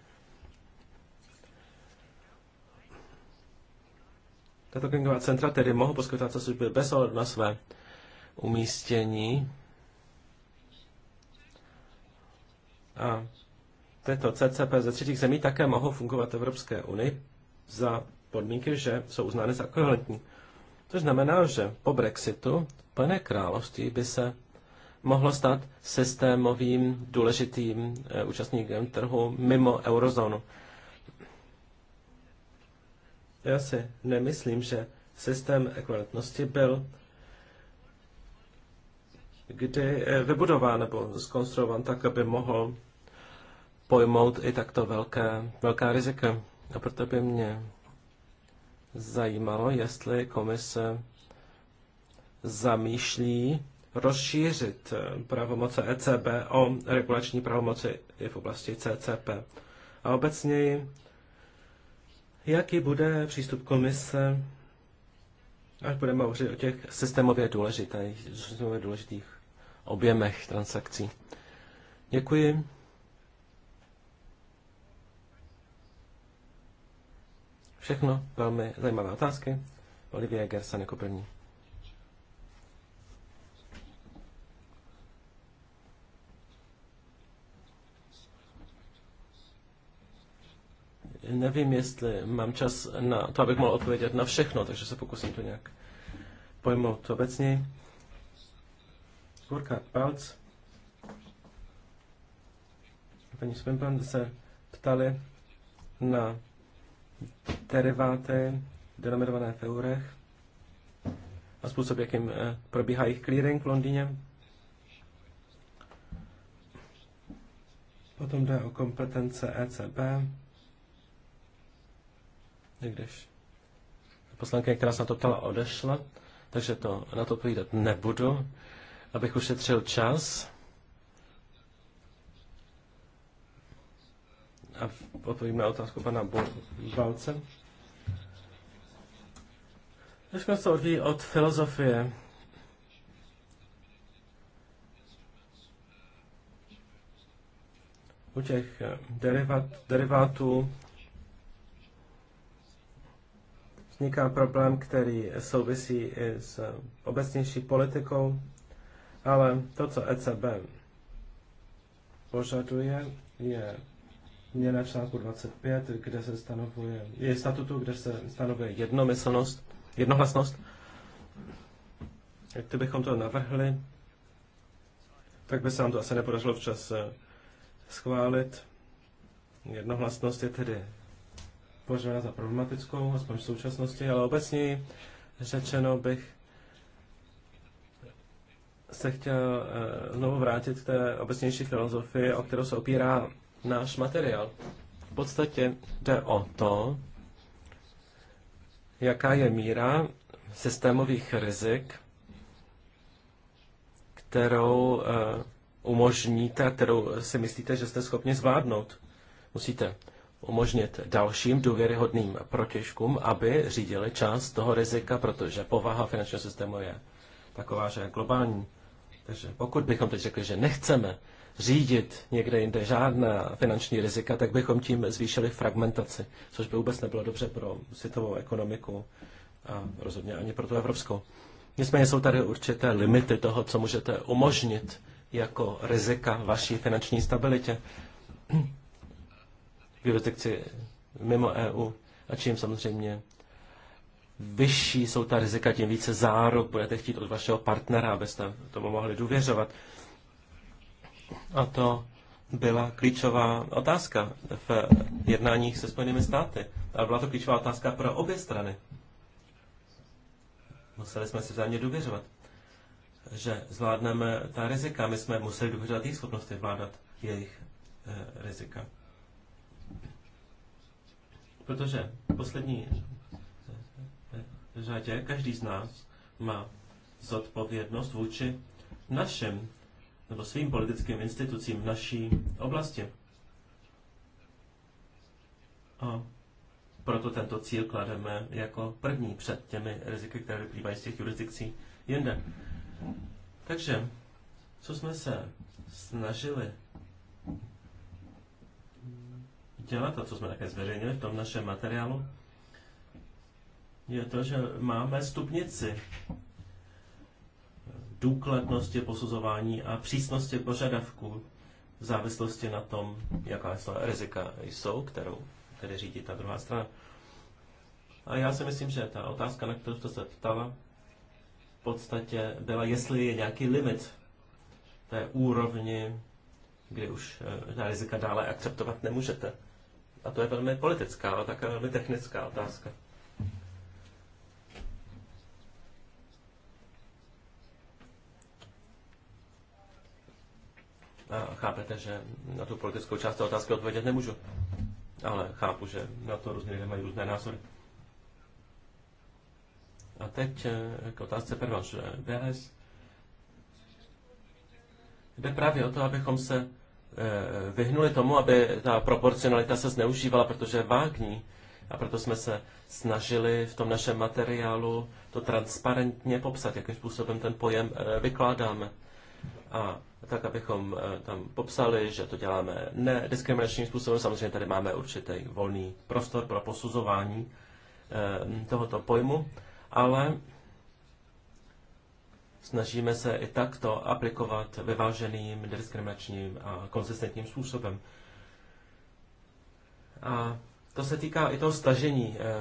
Tato gamingová centra tedy mohou poskytovat služby bez ohledu na své umístění. A tyto CCP ze třetích zemí také mohou fungovat v Evropské unii za podmínky, že jsou uznány za koherentní. Což znamená, že po Brexitu Spojené království by se mohlo stát systémovým důležitým eh, účastníkem trhu mimo eurozónu. Já si nemyslím, že systém ekvivalentnosti byl kdy eh, vybudován nebo zkonstruován tak, aby mohl pojmout i takto velké, velká rizika. A proto by mě zajímalo, jestli komise zamýšlí rozšířit eh, pravomoce ECB o regulační pravomoci i v oblasti CCP. A obecněji, jaký bude přístup komise, až budeme hovořit o těch systémově důležitých, systémově důležitých objemech transakcí. Děkuji. Všechno velmi zajímavé otázky. Olivia Gersan jako první. Nevím, jestli mám čas na to, abych mohl odpovědět na všechno, takže se pokusím to nějak pojmout obecně. Burkhard Palc. Paní Svimpan se ptali na deriváty denominované v eurech a způsob, jakým eh, probíhá jejich clearing v Londýně. Potom jde o kompetence ECB když poslankyně, která se na to ptala, odešla, takže to na to povídat nebudu, abych ušetřil čas. A odpovím na otázku pana Balce. Všechno se odvíjí od filozofie. U těch derivat, derivátů vzniká problém, který souvisí i s obecnější politikou, ale to, co ECB požaduje, je měna článku 25, kde se stanovuje, je statutu, kde se stanovuje jednomyslnost, jednohlasnost. Jak bychom to navrhli, tak by se nám to asi nepodařilo včas eh, schválit. Jednohlasnost je tedy považovaná za problematickou, aspoň v současnosti, ale obecně řečeno bych se chtěl eh, znovu vrátit k té obecnější filozofii, o kterou se opírá náš materiál. V podstatě jde o to, jaká je míra systémových rizik, kterou eh, umožníte, kterou si myslíte, že jste schopni zvládnout. Musíte umožnit dalším důvěryhodným protěžkům, aby řídili část toho rizika, protože povaha finančního systému je taková, že je globální. Takže pokud bychom teď řekli, že nechceme řídit někde jinde žádná finanční rizika, tak bychom tím zvýšili fragmentaci, což by vůbec nebylo dobře pro světovou ekonomiku a rozhodně ani pro tu evropskou. Nicméně jsou tady určité limity toho, co můžete umožnit jako rizika vaší finanční stabilitě jurisdikci mimo EU a čím samozřejmě vyšší jsou ta rizika, tím více záruk budete chtít od vašeho partnera, abyste tomu mohli důvěřovat. A to byla klíčová otázka v jednáních se Spojenými státy. A byla to klíčová otázka pro obě strany. Museli jsme si vzájemně důvěřovat, že zvládneme ta rizika. My jsme museli důvěřovat jejich schopnosti vládat jejich eh, rizika protože v poslední řadě každý z nás má zodpovědnost vůči našem nebo svým politickým institucím v naší oblasti. A proto tento cíl klademe jako první před těmi riziky, které vyplývají z těch jurisdikcí jinde. Takže, co jsme se snažili dělat a co jsme také zveřejnili v tom našem materiálu, je to, že máme stupnici důkladnosti posuzování a přísnosti požadavků v závislosti na tom, jaká jsou rizika jsou, kterou tedy řídí ta druhá strana. A já si myslím, že ta otázka, na kterou jste se ptala, v podstatě byla, jestli je nějaký limit té úrovni, kdy už eh, ta rizika dále akceptovat nemůžete. A to je velmi politická, ale také velmi technická otázka. A chápete, že na tu politickou část té otázky odpovědět nemůžu. Ale chápu, že na to různě lidé mají různé názory. A teď eh, k otázce že BS. Eh, Jde právě o to, abychom se Eh, vyhnuli tomu, aby ta proporcionalita se zneužívala, protože je vágní. A proto jsme se snažili v tom našem materiálu to transparentně popsat, jakým způsobem ten pojem eh, vykládáme. A tak, abychom eh, tam popsali, že to děláme nediskriminačním způsobem. Samozřejmě tady máme určitý volný prostor pro posuzování tohoto pojmu, ale Snažíme se i takto aplikovat vyváženým, diskriminačním a konzistentním způsobem. A to se týká i toho stažení e,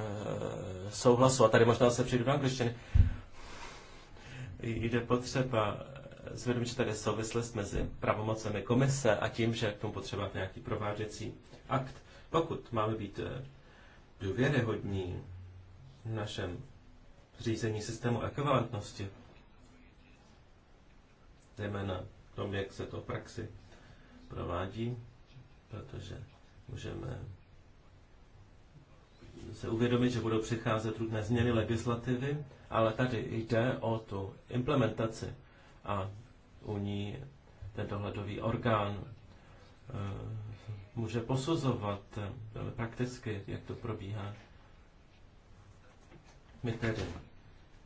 souhlasu, a tady možná se přijdu do angličtiny, jde potřeba zvědomit, že tady je souvislost mezi pravomocemi komise a tím, že k tomu potřeba nějaký prováděcí akt. Pokud máme být eh, důvěryhodní v našem řízení systému ekvivalentnosti, zejména v tom, jak se to v praxi provádí, protože můžeme se uvědomit, že budou přicházet různé změny legislativy, ale tady jde o tu implementaci a u ní ten dohledový orgán eh, může posuzovat eh, prakticky, jak to probíhá. My tedy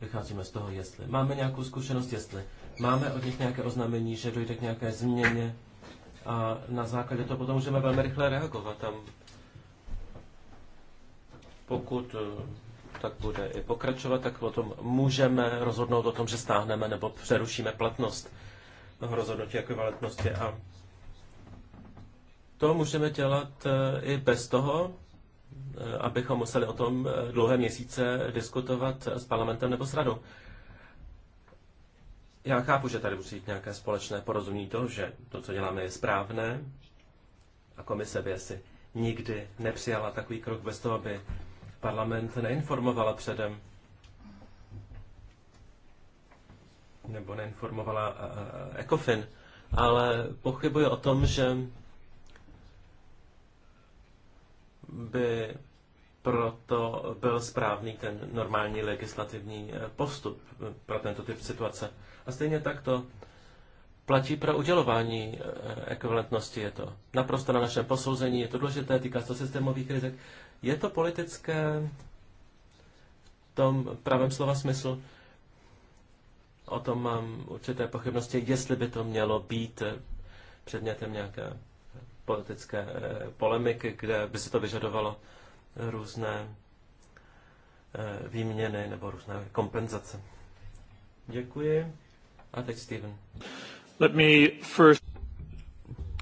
vycházíme z toho, jestli máme nějakou zkušenost, jestli Máme od nich nějaké oznámení, že dojde k nějaké změně a na základě toho potom můžeme velmi rychle reagovat tam. Pokud eh, tak bude i pokračovat, tak potom můžeme rozhodnout o tom, že stáhneme nebo přerušíme platnost toho rozhodnutí jako valetnosti. a to můžeme dělat eh, i bez toho, eh, abychom museli o tom dlouhé měsíce diskutovat s parlamentem nebo s radou. Já chápu, že tady musí být nějaké společné porozumění toho, že to, co děláme, je správné a komise by asi nikdy nepřijala takový krok bez toho, aby parlament neinformovala předem nebo neinformovala uh, ECOFIN, ale pochybuji o tom, že by proto byl správný ten normální legislativní eh, postup pro tento typ situace. A stejně tak to platí pro udělování eh, ekvivalentnosti. Je to naprosto na našem posouzení, je to důležité, týká se systémových rizik. Je to politické v tom pravém slova smyslu? O tom mám určité pochybnosti, jestli by to mělo být eh, předmětem nějaké politické eh, polemiky, kde by se to vyžadovalo různé výměny nebo různé kompenzace. Děkuji. A teď Steven. Let me first...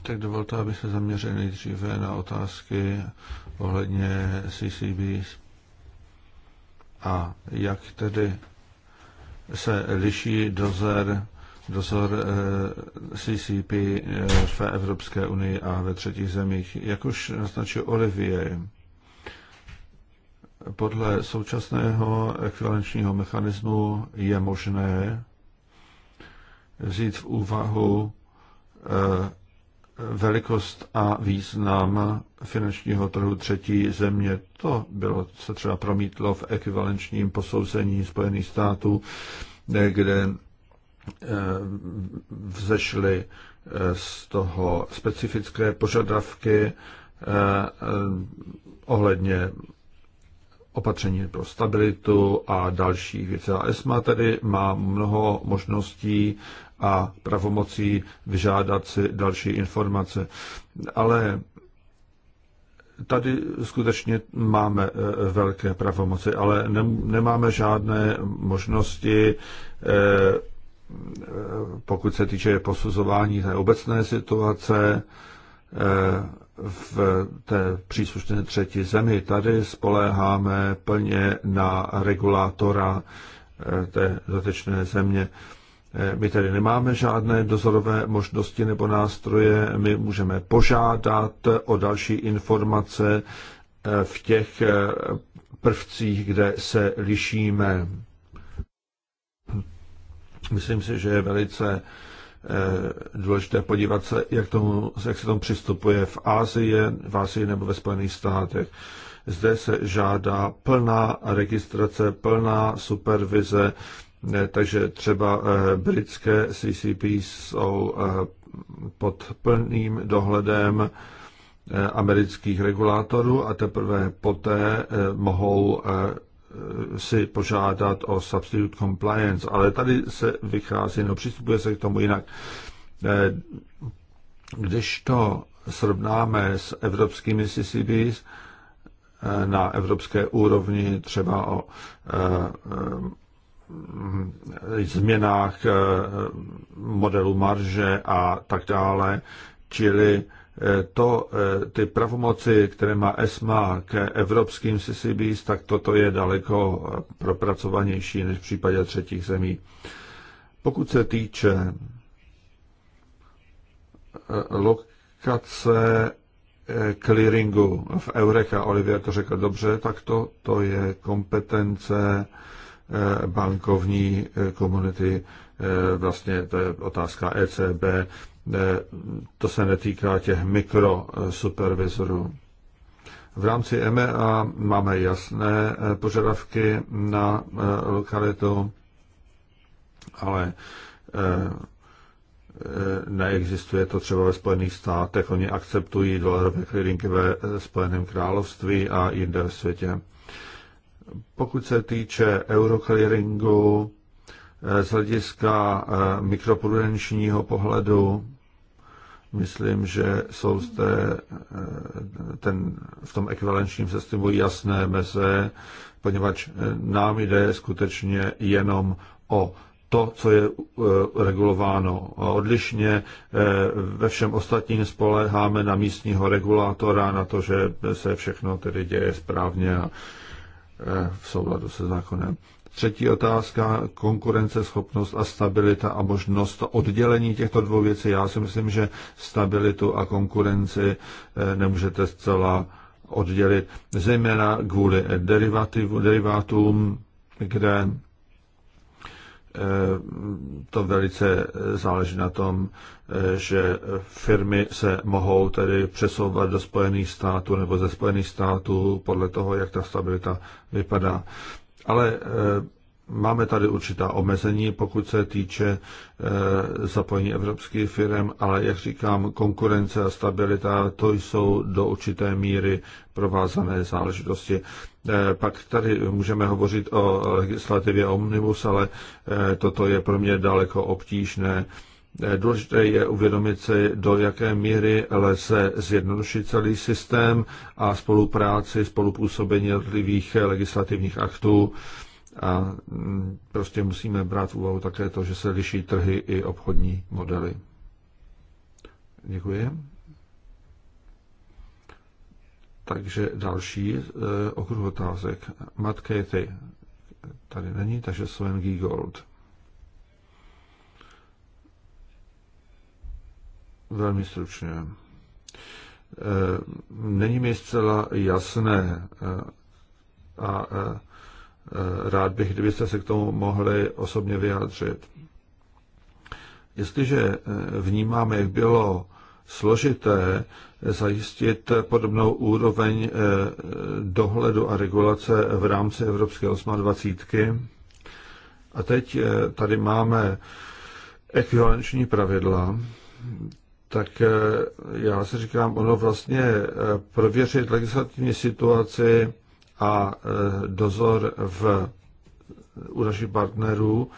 Tak dovolte, aby se zaměřil nejdříve na otázky ohledně CCB a jak tedy se liší dozor, dozor eh, CCP eh, v Evropské unii a ve třetích zemích. Jak už naznačil Olivier, podle současného ekvivalenčního mechanismu je možné vzít v úvahu eh, velikost a význam finančního trhu třetí země. To bylo, se třeba promítlo v ekvivalenčním posouzení Spojených států, eh, kde eh, vzešly z toho specifické požadavky ohledně opatření pro stabilitu a další věci. A ESMA tedy má mnoho možností a pravomocí vyžádat si další informace. Ale tady skutečně máme e, velké pravomoci, ale nemáme žádné možnosti, e, e, pokud se týče posuzování té obecné situace, v té příslušné třetí zemi. Tady spoléháme plně na regulátora eh, té dotečné země. Eh, my tady nemáme žádné dozorové možnosti nebo nástroje, my můžeme požádat o další informace eh, v těch prvcích, kde se lišíme. Myslím si, že je velice Eh, důležité podívat se, jak, tomu, jak se tomu přistupuje v Ázii, v Ázii nebo ve Spojených státech. Zde se žádá plná registrace, plná supervize, eh, takže třeba eh, britské CCP jsou pod plným dohledem amerických regulátorů a teprve poté mohou si požádat o substitute compliance, ale tady se vychází, no přistupuje se k tomu jinak. Eh, když to srovnáme s evropskými CCBs eh, na evropské úrovni, třeba o eh, změnách modelu marže a tak dále, čili to, eh, ty pravomoci, které má ESMA k evropským CCBs, tak toto je daleko propracovanější než v případě třetích zemí. Pokud se týče eh, lokace eh, clearingu v eurech, a Olivier to řekl dobře, tak to, to je kompetence bankovní komunity, vlastně to je otázka ECB, to se netýká těch mikrosupervizorů. V rámci EMEA máme jasné eh, požadavky na eh, lokalitu, ale eh, neexistuje to třeba ve Spojených státech. Oni akceptují dolarové clearingy ve Spojeném království a jinde v světě. Pokud se týče euroclearingu, Eh, z hlediska eh, mikroprudenčního pohledu myslím, že jsou zde eh, ten, v tom ekvivalenčním systému jasné meze, poněvadž nám jde skutečně jenom o to, co je regulováno odlišně. Ve všem ostatním spoleháme na místního regulátora, na to, že se všechno tedy děje správně a v souladu se zákonem. Třetí otázka, konkurenceschopnost a stabilita a možnost oddělení těchto dvou věcí. Já si myslím, že stabilitu a konkurenci eh, nemůžete zcela oddělit, zejména kvůli derivátům, kde eh, to velice záleží na tom, eh, že firmy se mohou tedy přesouvat do Spojených států nebo ze Spojených států podle toho, jak ta stabilita vypadá. Ale eh, máme tady určitá omezení, pokud se týče eh, zapojení evropských firm, ale jak říkám, konkurence a stabilita, to jsou do určité míry provázané záležitosti. Eh, pak tady můžeme hovořit o legislativě Omnibus, ale toto je pro mě daleko obtížné. Eh, důležité je uvědomit si, do jaké míry lze zjednodušit celý systém a spolupráci, spolupůsobení jednotlivých legislativních aktů. A mm, prostě musíme brát v úvahu také to, že se liší trhy i obchodní modely. Děkuji. Takže další eh, okruh otázek. Matt Cathy tady není, takže Sven G. Velmi stručně. Eh, není mi zcela jasné eh, a eh, rád bych, kdybyste se k tomu mohli osobně vyjádřit. Jestliže vnímáme, jak bylo složité zajistit podobnou úroveň dohledu a regulace v rámci Evropské 28. A teď tady máme ekvivalenční pravidla, tak eh, já si říkám, ono vlastně eh, prověřit legislativní situaci a eh, dozor v, u našich partnerů,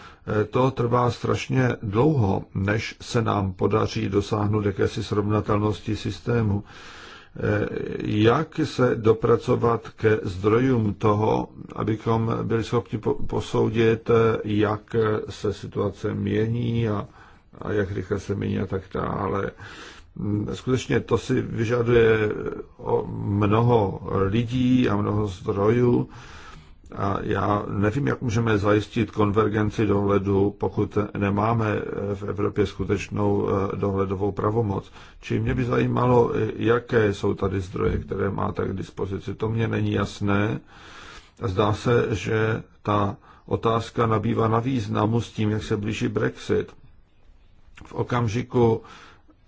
to trvá strašně dlouho, než se nám podaří dosáhnout jakési srovnatelnosti systému. Jak se dopracovat ke zdrojům toho, abychom byli schopni posoudit, jak se situace mění a a jak rychle se mění a tak dále. Skutečně to si vyžaduje o mnoho lidí a mnoho zdrojů. A já nevím, jak můžeme zajistit konvergenci dohledu, pokud nemáme v Evropě skutečnou eh, dohledovou pravomoc. Či mě by zajímalo, jaké jsou tady zdroje, které máte k dispozici. To mě není jasné. Zdá se, že ta otázka nabývá na významu s tím, jak se blíží Brexit okamžiku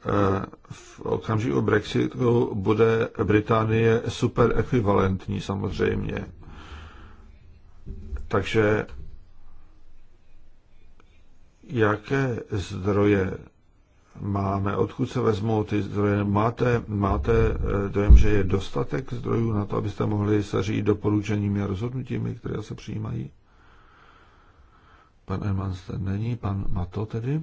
eh, v okamžiku Brexitu bude Británie super ekvivalentní samozřejmě. Takže jaké zdroje máme, odkud se vezmou ty zdroje? Máte, máte eh, dojem, že je dostatek zdrojů na to, abyste mohli se řídit doporučeními a rozhodnutími, které se přijímají? Pan Elman zde není, pan Mato tedy.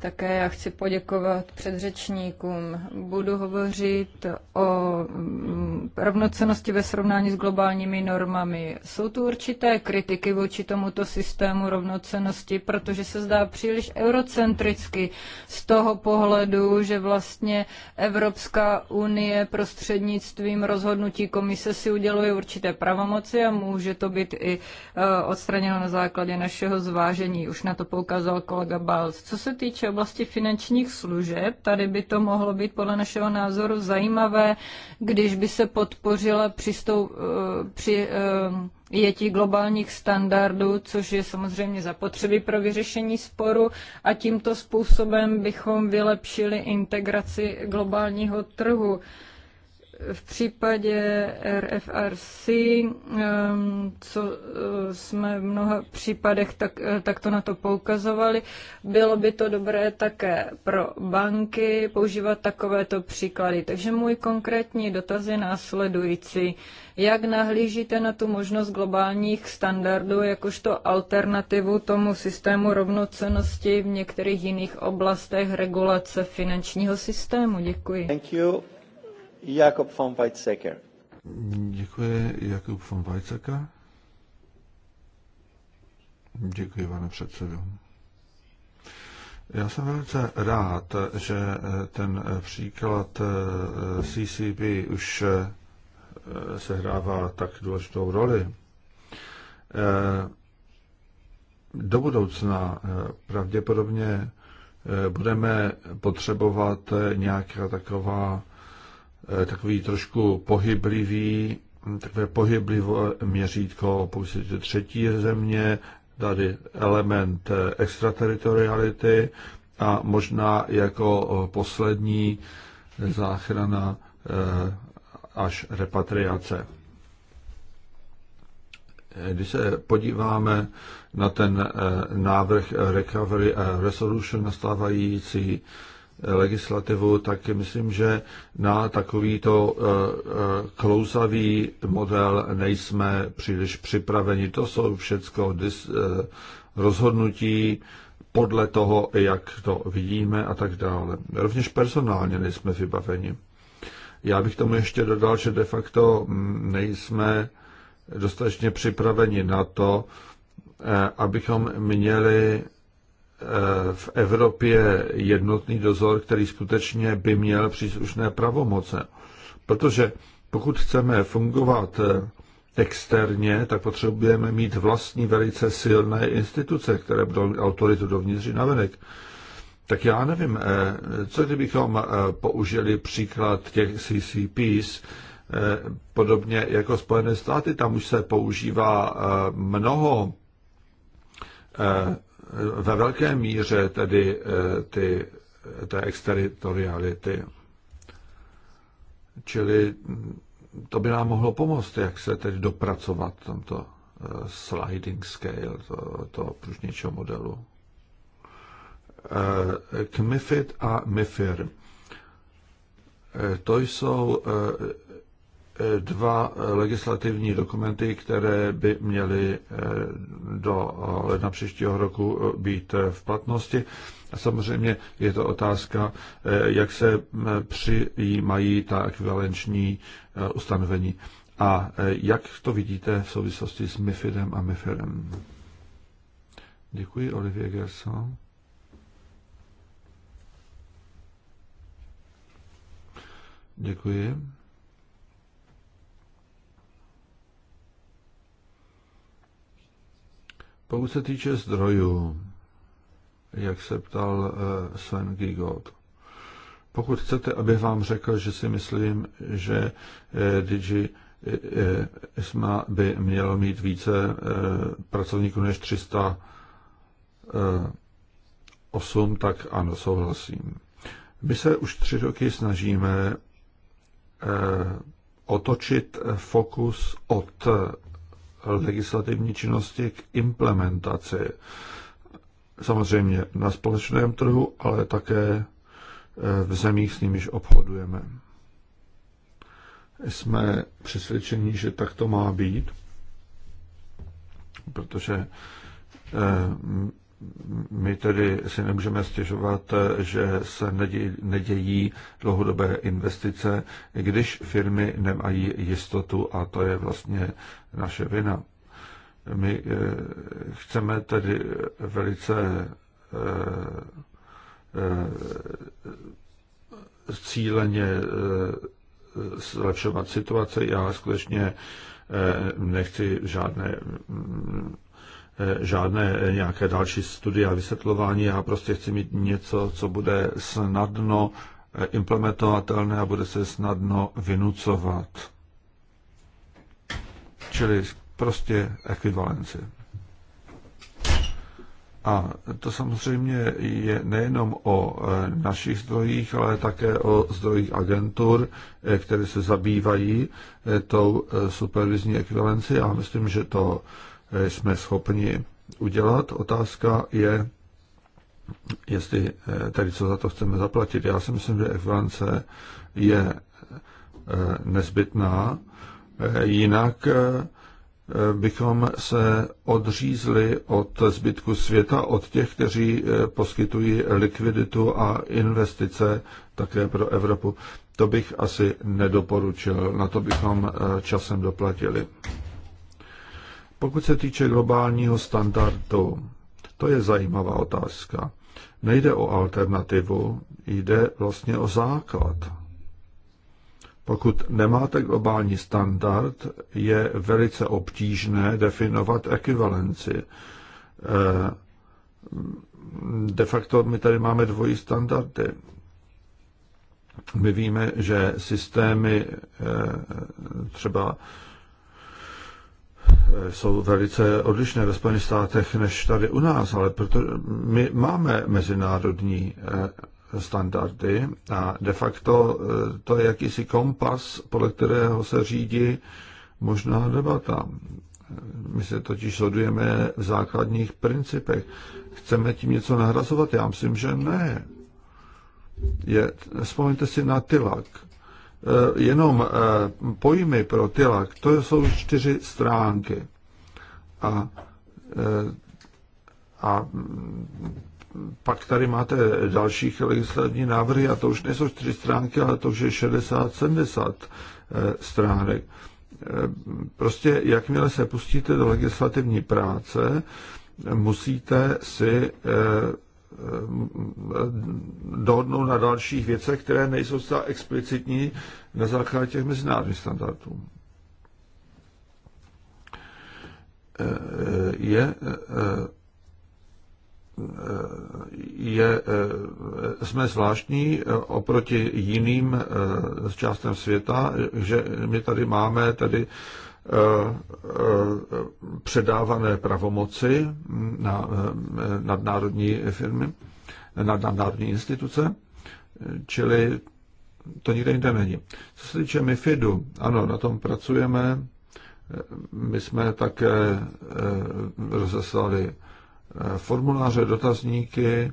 Také já chci poděkovat předřečníkům. Budu hovořit o mm, rovnocenosti ve srovnání s globálními normami. Jsou tu určité kritiky vůči tomuto systému rovnocenosti, protože se zdá příliš eurocentricky z toho pohledu, že vlastně Evropská unie prostřednictvím rozhodnutí komise si uděluje určité pravomoci a může to být i e, odstraněno na základě našeho zvážení. Už na to poukázal kolega Balc. Co se týče naší oblasti finančních služeb, tady by to mohlo být podle našeho názoru zajímavé, když by se podpořila přistou, eh, při přijetí eh, globálních standardů, což je samozřejmě zapotřebí pro vyřešení sporu a tímto způsobem bychom vylepšili integraci globálního trhu v případě RFRC, ehm, co eh, jsme v mnoha případech tak, eh, takto na to poukazovali, bylo by to dobré také pro banky používat takovéto příklady. Takže můj konkrétní dotaz je následující. Jak nahlížíte na tu možnost globálních standardů jakožto alternativu tomu systému rovnocenosti v některých jiných oblastech regulace finančního systému? Děkuji. Thank you. Jakob von Weizsäcker. Děkuji, Jakub von Weizsäcker. Děkuji, pane předsedo. Já jsem velice rád, že ten příklad CCP už sehrává tak důležitou roli. Do budoucna pravděpodobně budeme potřebovat nějaká taková Eh, takový trošku pohyblivý, takové pohyblivé měřítko, se třetí země, tady element eh, extrateritoriality a možná jako eh, poslední záchrana až repatriace. Když se podíváme na ten návrh Recovery Resolution nastávající, legislativu, tak myslím, že na takovýto eh, eh, klouzavý model nejsme příliš připraveni. To jsou všechno eh, rozhodnutí podle toho, jak to vidíme a tak dále. Rovněž personálně nejsme vybaveni. Já bych tomu ještě dodal, že de facto mm, nejsme dostatečně připraveni na to, abychom měli v Evropě jednotný dozor, který skutečně by měl příslušné pravomoce. Protože pokud chceme fungovat externě, tak potřebujeme mít vlastní velice silné instituce, které budou autoritu dovnitř i navenek. Tak já nevím, eh, co kdybychom eh, použili příklad těch CCPs, eh, podobně jako Spojené státy, tam už se používá mnoho ve velké míře tedy eh, ty, té exteritoriality. Čili to by nám mohlo pomoct, jak se tedy dopracovat tomto eh, sliding scale, to, to pružnějšího modelu. Eh, K MIFID a MIFIR. To jsou dva legislativní dokumenty, které by měly eh, do ledna příštího roku eh, být eh, v platnosti. A samozřejmě je to otázka, jak se přijímají ta ekvivalenční ustanovení. A jak to vidíte v souvislosti s MIFIDem a MIFIRem? Děkuji, Olivier Gerson. Děkuji. Pokud se týče zdrojů, jak se ptal eh, Sven Gigot, pokud chcete, abych vám řekl, že si myslím, že eh, Digi eh, ESMA by mělo mít více pracovníků než 308, tak ano, souhlasím. My se už tři roky snažíme otočit fokus od legislativní činnosti k implementaci. Samozřejmě na společném trhu, ale také eh, v zemích, s nimiž obchodujeme. Jsme přesvědčeni, že tak to má být, protože eh, my tedy si nemůžeme stěžovat, že se nedějí, dlouhodobé investice, když firmy nemají jistotu a to je vlastně naše vina. My eh, chceme tedy velice eh, eh, cíleně zlepšovat situaci. Já skutečně nechci žádné mm, Eh, žádné eh, nějaké další studie a vysvětlování. Já prostě chci mít něco, co bude snadno eh, implementovatelné a bude se snadno vynucovat. Čili prostě ekvivalenci. A to samozřejmě je nejenom o našich zdrojích, ale také o zdrojích agentur, které se zabývají tou supervizní ekvivalenci. Já myslím, že to Eh, jsme schopni udělat. Otázka je, jestli eh, tady co za to chceme zaplatit. Já si myslím, že f je eh, nezbytná, jinak bychom se odřízli od zbytku světa, od těch, kteří poskytují likviditu a investice také pro Evropu. To bych asi nedoporučil, na to bychom časem doplatili. Pokud se týče globálního standardu, to je zajímavá otázka. Nejde o alternativu, jde vlastně o základ. Pokud nemáte globální standard, je velice obtížné definovat ekvivalenci. Eh, de facto my tady máme dvojí standardy. My víme, že systémy eh, třeba Eh, jsou velice odlišné ve Spojených státech než tady u nás, ale proto my máme mezinárodní eh, standardy a de facto eh, to je jakýsi kompas, podle kterého se řídí možná debata. My se totiž shodujeme v základních principech. Chceme tím něco nahrazovat? Já myslím, že ne. Je, vzpomeňte si na Tylak. Eh, jenom eh, pojmy pro tylak, to jsou čtyři stránky. A, eh, a mm, pak tady máte dalších legislativní návrhy a to už nejsou čtyři stránky, ale to už je 60-70 stránek. Prostě jakmile se pustíte do legislativní práce, musíte si Eh, dohodnou na dalších věcech, které nejsou zcela explicitní na základě těch mezinárodních standardů. Eh, je, eh, je, jsme zvláštní oproti jiným částem světa, že my tady máme tady předávané pravomoci na eh, nadnárodní firmy, na nadnárodní instituce, čili to nikde jinde není. Co se týče MIFIDu, ano, na tom pracujeme. My jsme také eh, rozeslali eh, formuláře, dotazníky,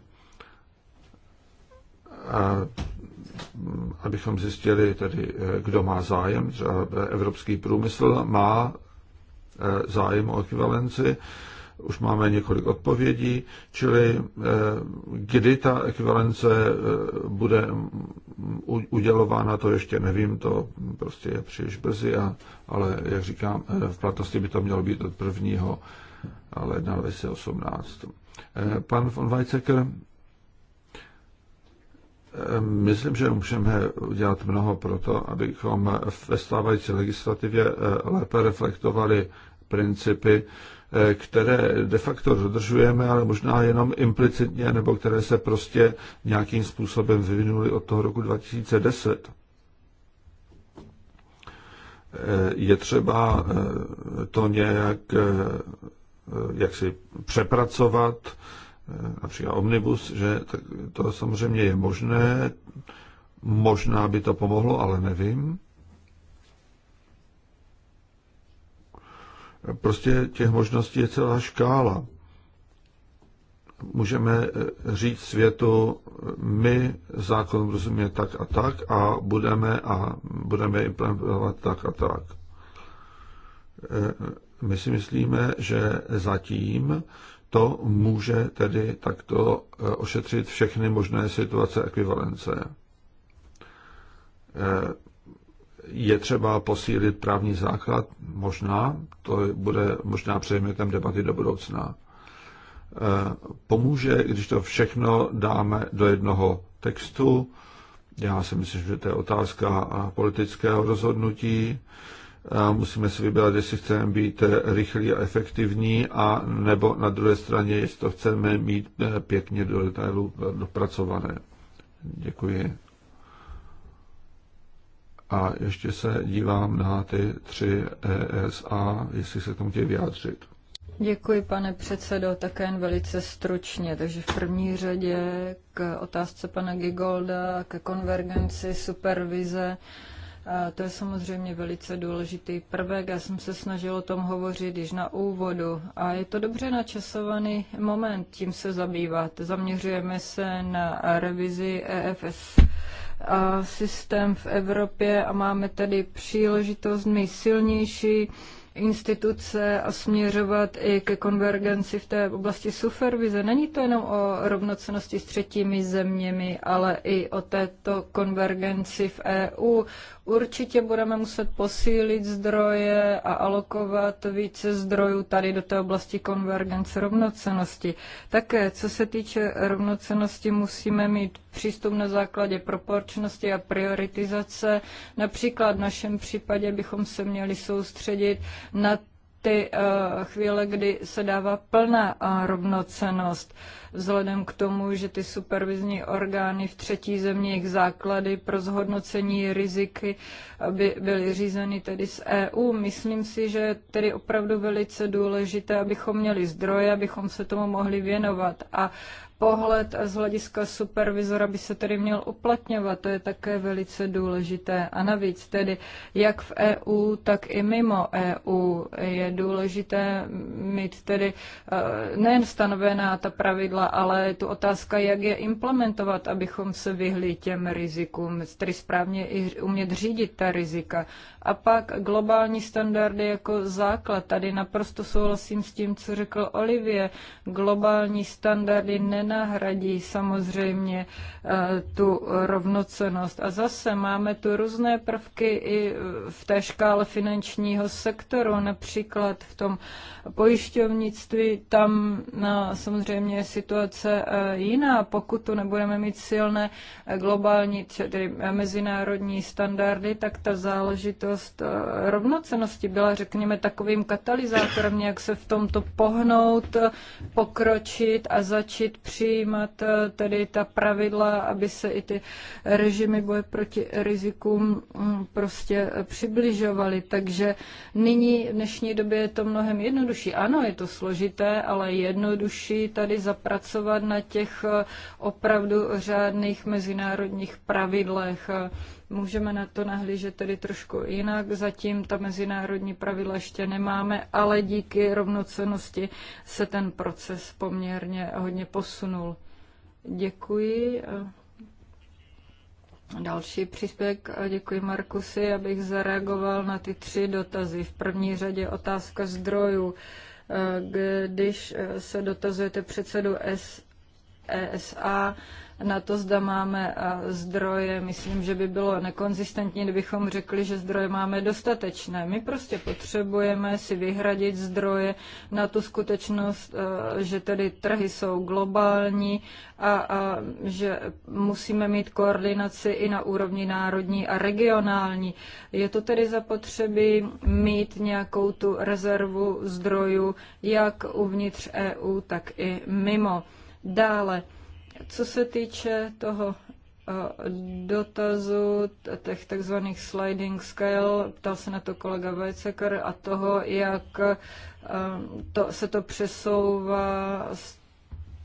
abychom zjistili tedy, eh, kdo má zájem, třeba eh, evropský průmysl má eh, zájem o ekvivalenci, už máme několik odpovědí, čili kdy ta ekvivalence bude udělována, to ještě nevím, to prostě je příliš brzy, a, ale jak říkám, v platnosti by to mělo být od 1. ledna 2018. Pan von Weizsäcker Myslím, že můžeme udělat mnoho pro to, abychom ve stávající legislativě eh, lépe reflektovali principy, eh, které de facto dodržujeme, ale možná jenom implicitně, nebo které se prostě nějakým způsobem vyvinuly od toho roku 2010. Eh, je třeba to nějak jaksi přepracovat, například omnibus, že to samozřejmě je možné, možná by to pomohlo, ale nevím. Prostě těch možností je celá škála. Můžeme eh, říct světu, my zákon rozumíme tak a tak a budeme, a budeme implementovat tak a tak. Eh, my si myslíme, že zatím to může tedy takto eh, ošetřit všechny možné situace ekvivalence. Eh, je třeba posílit právní základ? Možná, to bude možná předmětem debaty do budoucna. Eh, pomůže, když to všechno dáme do jednoho textu? Já si myslím, že to je otázka politického rozhodnutí a musíme si vybrat, jestli chceme být rychlí a efektivní, a nebo na druhé straně, jestli to chceme mít eh, pěkně do detailu dopracované. Děkuji. A ještě se dívám na ty tři ESA, jestli se tomu chtějí vyjádřit. Děkuji, pane předsedo, také jen velice stručně. Takže v první řadě k otázce pana Gigolda, ke konvergenci, supervize. To je samozřejmě velice důležitý prvek. Já jsem se snažil o tom hovořit již na úvodu. A je to dobře načasovaný moment tím se zabývat. Zaměřujeme se na revizi EFS a systém v Evropě a máme tady příležitost mít silnější instituce a směřovat i ke konvergenci v té oblasti supervize. Není to jenom o rovnocenosti s třetími zeměmi, ale i o této konvergenci v EU. Určitě budeme muset posílit zdroje a alokovat více zdrojů tady do té oblasti konvergence rovnocenosti. Také, co se týče rovnocenosti, musíme mít přístup na základě proporčnosti a prioritizace. Například v našem případě bychom se měli soustředit na ty eh, chvíle, kdy se dává plná eh, rovnocenost, vzhledem k tomu, že ty supervizní orgány v třetí země, jejich základy pro zhodnocení riziky eh, by byly řízeny tedy z EU. Myslím si, že je tedy opravdu velice důležité, abychom měli zdroje, abychom se tomu mohli věnovat. A pohled z hlediska supervizora by se tedy měl uplatňovat, to je také velice důležité. A navíc tedy jak v EU, tak i mimo EU je důležité mít tedy eh, nejen stanovená ta pravidla, ale tu otázka, jak je implementovat, abychom se vyhli těm rizikům, tedy správně i umět řídit ta rizika. A pak globální standardy jako základ. Tady naprosto souhlasím s tím, co řekl Olivie. Globální standardy nen nenahradí samozřejmě eh, tu rovnocenost. A zase máme tu různé prvky i v té škále finančního sektoru, například v tom pojišťovnictví, tam na, no, samozřejmě je situace eh, jiná. Pokud tu nebudeme mít silné eh, globální, tedy mezinárodní standardy, tak ta záležitost rovnocenosti byla, řekněme, takovým katalyzátorem, jak se v tomto pohnout, pokročit a začít při přijímat eh, tedy ta pravidla, aby se i ty režimy boje proti rizikům mm, prostě eh, přibližovaly. Takže nyní v dnešní době je to mnohem jednodušší. Ano, je to složité, ale jednodušší tady zapracovat na těch eh, opravdu řádných mezinárodních pravidlech Můžeme na to nahlížet tedy trošku jinak. Zatím ta mezinárodní pravidla ještě nemáme, ale díky rovnocenosti se ten proces poměrně hodně posunul. Děkuji. Další příspěvek. Děkuji Markusy, abych zareagoval na ty tři dotazy. V první řadě otázka zdrojů. Když se dotazujete předsedu S ESA, na to, zda máme zdroje. Myslím, že by bylo nekonzistentní, kdybychom řekli, že zdroje máme dostatečné. My prostě potřebujeme si vyhradit zdroje na tu skutečnost, že tedy trhy jsou globální a, a že musíme mít koordinaci i na úrovni národní a regionální. Je to tedy zapotřebí mít nějakou tu rezervu zdrojů jak uvnitř EU, tak i mimo. Dále co se týče toho eh, dotazu těch takzvaných sliding scale, ptal se na to kolega Weizsäcker, a toho, jak eh, to, se to přesouvá z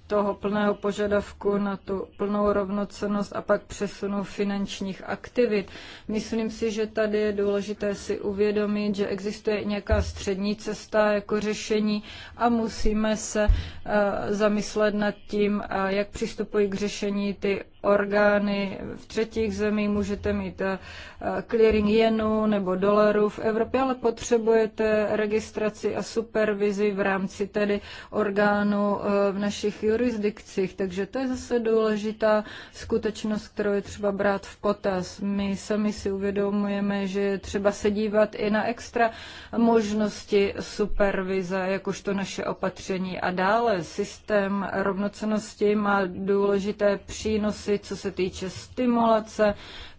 toho plného požadavku na tu plnou rovnocenost a pak přesunu finančních aktivit. Myslím si, že tady je důležité si uvědomit, že existuje nějaká střední cesta jako řešení a musíme se eh, zamyslet nad tím, eh, jak přistupují k řešení ty orgány v třetích zemích, můžete mít eh, clearing jenu nebo dolarů v Evropě, ale potřebujete registraci a supervizi v rámci tedy orgánů v našich jurisdikcích, takže to je zase důležitá skutečnost, kterou je třeba brát v potaz. My sami si uvědomujeme, že je třeba se dívat i na extra možnosti supervize, jakožto naše opatření. A dále systém rovnocenosti má důležité přínosy, co se týče stimulace,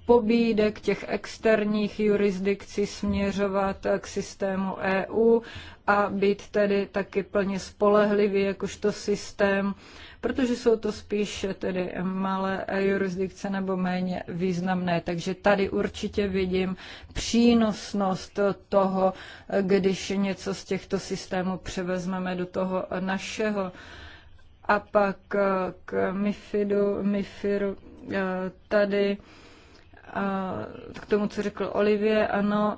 pobídek těch externích jurisdikcí směřovat k systému EU a být tedy taky plně spolehlivý jakožto systém, protože jsou to spíše tedy malé jurisdikce nebo méně významné. Takže tady určitě vidím přínosnost toho, když něco z těchto systémů převezmeme do toho našeho. A pak k MIFIDu, MIFIRu eh, tady a k tomu, co řekl Olivie, ano,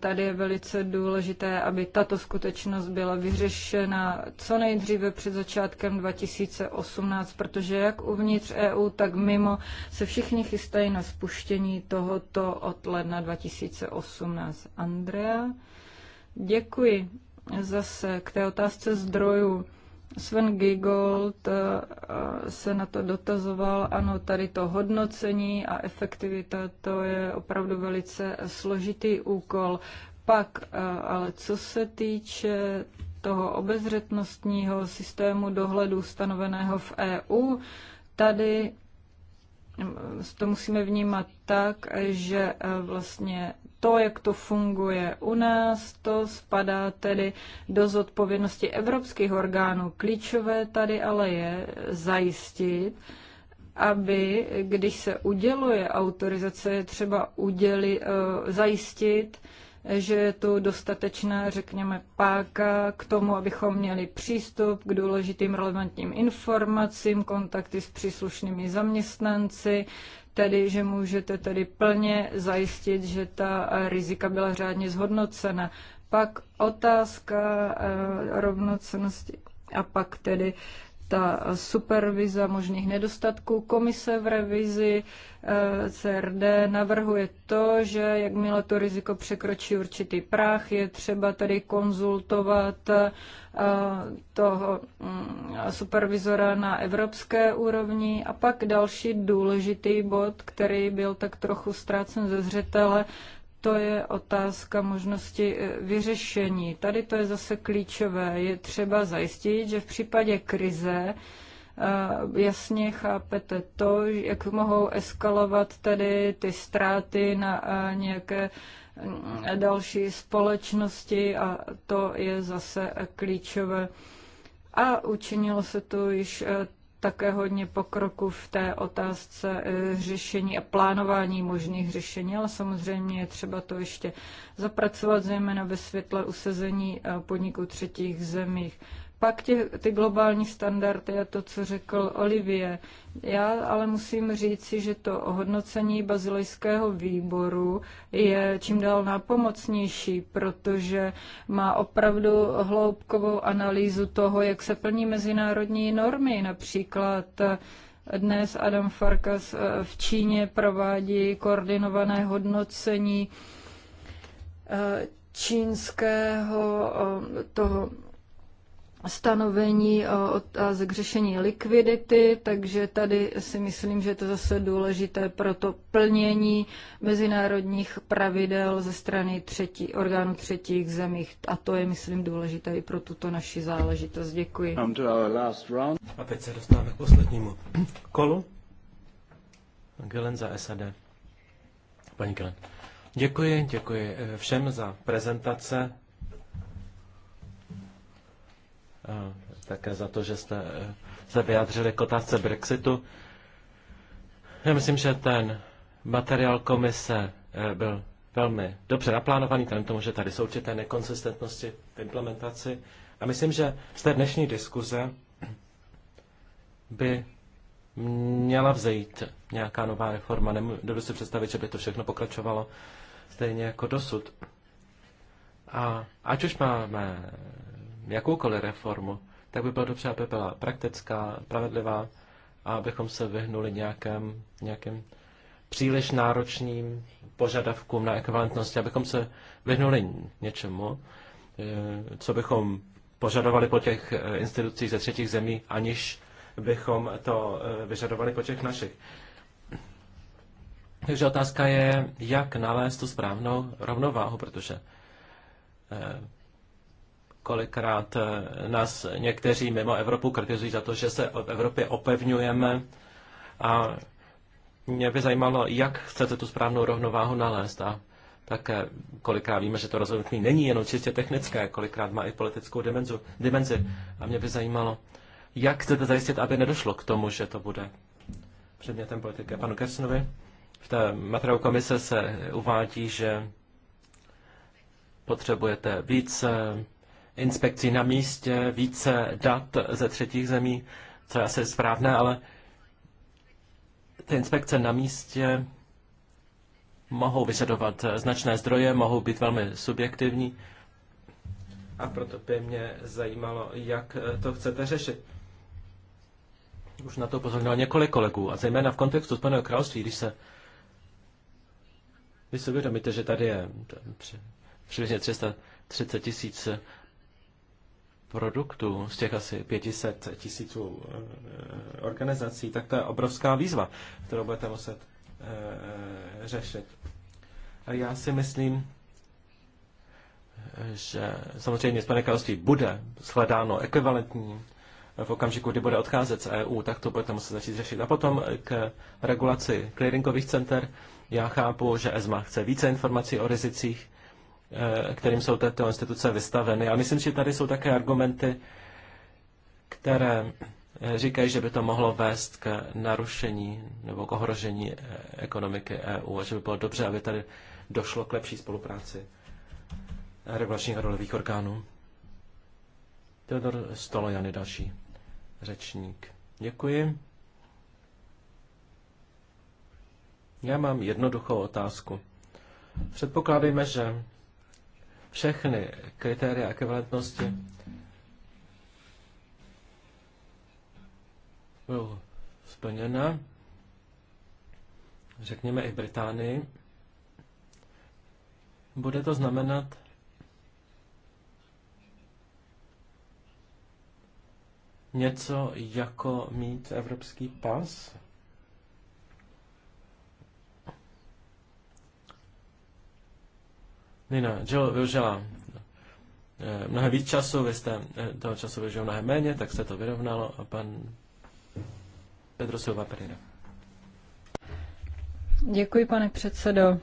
tady je velice důležité, aby tato skutečnost byla vyřešena co nejdříve před začátkem 2018, protože jak uvnitř EU, tak mimo se všichni chystají na spuštění tohoto od ledna 2018. Andrea, děkuji zase k té otázce zdrojů. Sven Giegold eh, eh, se na to dotazoval. Ano, tady to hodnocení a efektivita, to je opravdu velice složitý úkol. Pak, eh, ale co se týče toho obezřetnostního systému dohledu stanoveného v EU, tady to musíme vnímat tak, že vlastně to, jak to funguje u nás, to spadá tedy do zodpovědnosti evropských orgánů. Klíčové tady ale je zajistit, aby, když se uděluje autorizace, je třeba uděli, eh, zajistit, že je tu dostatečná, řekněme, páka k tomu, abychom měli přístup k důležitým relevantním informacím, kontakty s příslušnými zaměstnanci, tedy, že můžete tedy plně zajistit, že ta eh, rizika byla řádně zhodnocena. Pak otázka eh, rovnocenosti a pak tedy ta supervize možných nedostatků. Komise v revizi eh, CRD navrhuje to, že jakmile to riziko překročí určitý práh, je třeba tady konzultovat eh, toho mm, supervizora na evropské úrovni. A pak další důležitý bod, který byl tak trochu ztrácen ze zřetele, to je otázka možnosti eh, vyřešení. Tady to je zase klíčové. Je třeba zajistit, že v případě krize eh, jasně chápete to, jak mohou eskalovat tedy ty ztráty na eh, nějaké mm, další společnosti a to je zase klíčové. A učinilo se to již také hodně pokroku v té otázce e, řešení a plánování možných řešení, ale samozřejmě je třeba to ještě zapracovat, zejména ve světle usazení e, podniků třetích zemích. Pak tě, ty globální standardy a to, co řekl Olivie. Já ale musím říci, že to ohodnocení bazilejského výboru je čím dál nápomocnější, protože má opravdu hloubkovou analýzu toho, jak se plní mezinárodní normy, například dnes Adam Farkas eh, v Číně provádí koordinované hodnocení eh, čínského eh, toho stanovení eh, otázek řešení likvidity, takže tady si myslím, že je to zase důležité pro to plnění mezinárodních pravidel ze strany třetí, orgánů třetích zemích. A to je, myslím, důležité i pro tuto naši záležitost. Děkuji. A teď se dostáváme k poslednímu kolu. Gelen za SAD. Paní Gelen. Děkuji, děkuji eh, všem za prezentace také za to, že jste se vyjádřili k otázce Brexitu. Já myslím, že ten materiál komise eh, byl velmi dobře naplánovaný, tam tomu, že tady jsou určité nekonsistentnosti v implementaci. A myslím, že z té dnešní diskuze by měla vzejít nějaká nová reforma. Nebudu si představit, že by to všechno pokračovalo stejně jako dosud. A ať už máme jakoukoliv reformu, tak by bylo dobře, aby byla praktická, pravedlivá a abychom se vyhnuli nějakém, nějakým příliš náročným požadavkům na ekvivalentnost, abychom se vyhnuli něčemu, eh, co bychom požadovali po těch eh, institucích ze třetích zemí, aniž bychom to eh, vyžadovali po těch našich. Takže otázka je, jak nalézt tu správnou rovnováhu, protože Kolikrát eh, nás někteří mimo Evropu kritizují za to, že se v Evropě opevňujeme a mě by zajímalo, jak chcete tu správnou rovnováhu nalézt a tak kolikrát víme, že to rozhodnutí není jenom čistě technické, kolikrát má i politickou dimenzu, dimenzi. A mě by zajímalo, jak chcete zajistit, aby nedošlo k tomu, že to bude předmětem politiky. Panu Kersnovi, v té materiálu komise se uvádí, že potřebujete více inspekcí na místě, více dat ze třetích zemí, co je asi správné, ale ty inspekce na místě mohou vyžadovat značné zdroje, mohou být velmi subjektivní. A proto by mě zajímalo, jak to chcete řešit. Už na to pozornilo několik kolegů, a zejména v kontextu Spojeného království, když se vy si uvědomíte, že tady je přibližně 330 tisíc produktů z těch asi 500 tisíců eh, organizací, tak to je obrovská výzva, kterou budete muset eh, řešit. A já si myslím, že samozřejmě z království bude shledáno ekvivalentní v okamžiku, kdy bude odcházet z EU, tak to budete muset začít řešit. A potom k regulaci clearingových center. Já chápu, že ESMA chce více informací o rizicích, Eh, kterým jsou tyto instituce vystaveny. A myslím, že tady jsou také argumenty, které eh, říkají, že by to mohlo vést k narušení nebo k ohrožení eh, ekonomiky EU a že by bylo dobře, aby tady došlo k lepší spolupráci regulačních a rolových orgánů. Teodor Stolojan je další řečník. Děkuji. Já mám jednoduchou otázku. Předpokládejme, že všechny kritéria ekvivalentnosti budou splněna, řekněme i v Británii, bude to znamenat něco jako mít evropský pas, Nina Jill využila eh, mnohem víc času, vy jste eh, toho času využil mnohem méně, tak se to vyrovnalo a pan Pedro Silva Pereira. Děkuji, pane předsedo.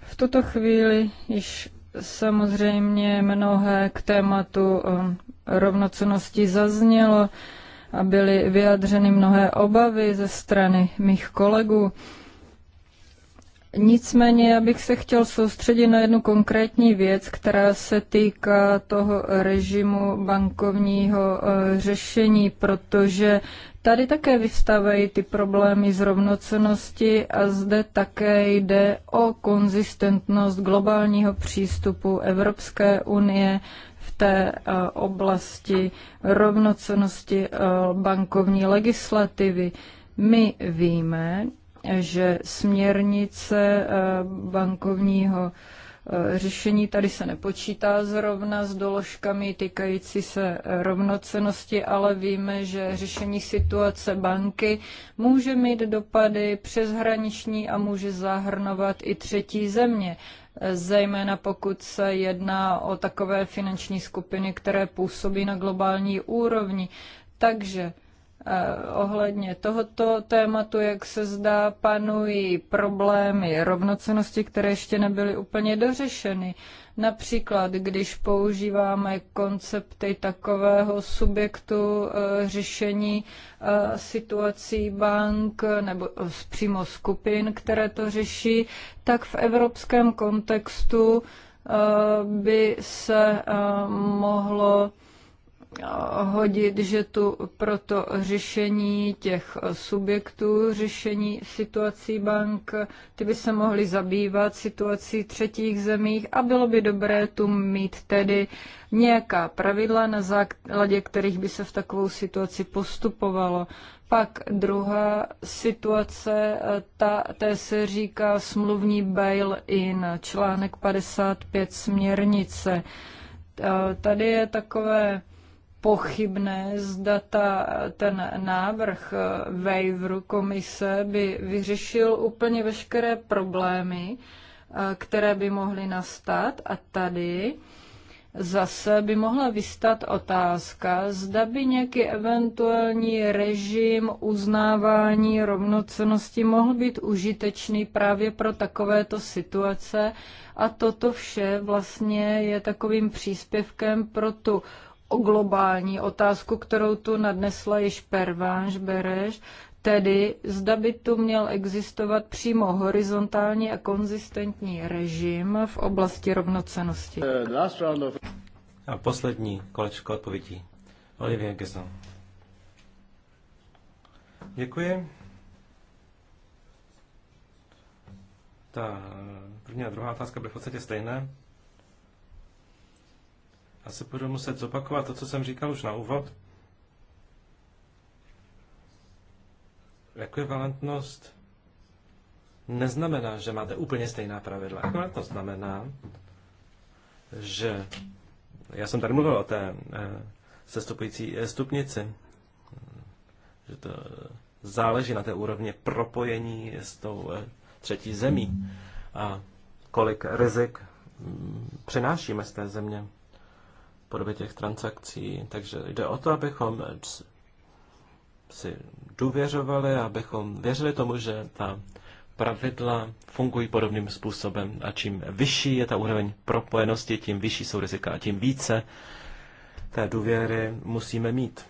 V tuto chvíli již samozřejmě mnohé k tématu eh, rovnocenosti zaznělo a byly vyjadřeny mnohé obavy ze strany mých kolegů. Nicméně já bych se chtěl soustředit na jednu konkrétní věc, která se týká toho režimu bankovního eh, řešení, protože tady také vyvstávají ty problémy z rovnocenosti a zde také jde o konzistentnost globálního přístupu Evropské unie v té eh, oblasti rovnocenosti eh, bankovní legislativy. My víme, že směrnice eh, bankovního eh, řešení tady se nepočítá zrovna s doložkami týkající se eh, rovnocenosti, ale víme, že řešení situace banky může mít dopady přeshraniční a může zahrnovat i třetí země zejména pokud se jedná o takové finanční skupiny, které působí na globální úrovni. Takže Eh, ohledně tohoto tématu, jak se zdá, panují problémy rovnocenosti, které ještě nebyly úplně dořešeny. Například, když používáme koncepty takového subjektu eh, řešení eh, situací bank nebo přímo skupin, které to řeší, tak v evropském kontextu by se mohlo hodit, že tu proto řešení těch subjektů, řešení situací bank, ty by se mohly zabývat situací třetích zemích a bylo by dobré tu mít tedy nějaká pravidla, na základě kterých by se v takovou situaci postupovalo. Pak druhá situace, ta, té se říká smluvní bail-in, článek 55 směrnice. Tady je takové pochybné, zda ta, ten návrh waiveru komise by vyřešil úplně veškeré problémy, eh, které by mohly nastat. A tady zase by mohla vystat otázka, zda by nějaký eventuální režim uznávání rovnocenosti mohl být užitečný právě pro takovéto situace. A toto vše vlastně je takovým příspěvkem pro tu globální otázku, kterou tu nadnesla již Pervanš Bereš, tedy zda by tu měl existovat přímo horizontální a konzistentní režim v oblasti rovnocenosti. Eh, a poslední kolečko odpovědí. Olivia Gesson. Děkuji. Ta první a druhá otázka byly v podstatě stejné. Asi budu muset zopakovat to, co jsem říkal už na úvod. Ekvivalentnost neznamená, že máte úplně stejná pravidla. Ekvivalentnost znamená, že já jsem tady mluvil o té eh, sestupující eh, stupnici, že to záleží na té úrovni propojení s tou eh, třetí zemí a kolik rizik mm, přenášíme z té země podobě těch transakcí. Takže jde o to, abychom si důvěřovali, abychom věřili tomu, že ta pravidla fungují podobným způsobem a čím vyšší je ta úroveň propojenosti, tím vyšší jsou rizika a tím více té důvěry musíme mít.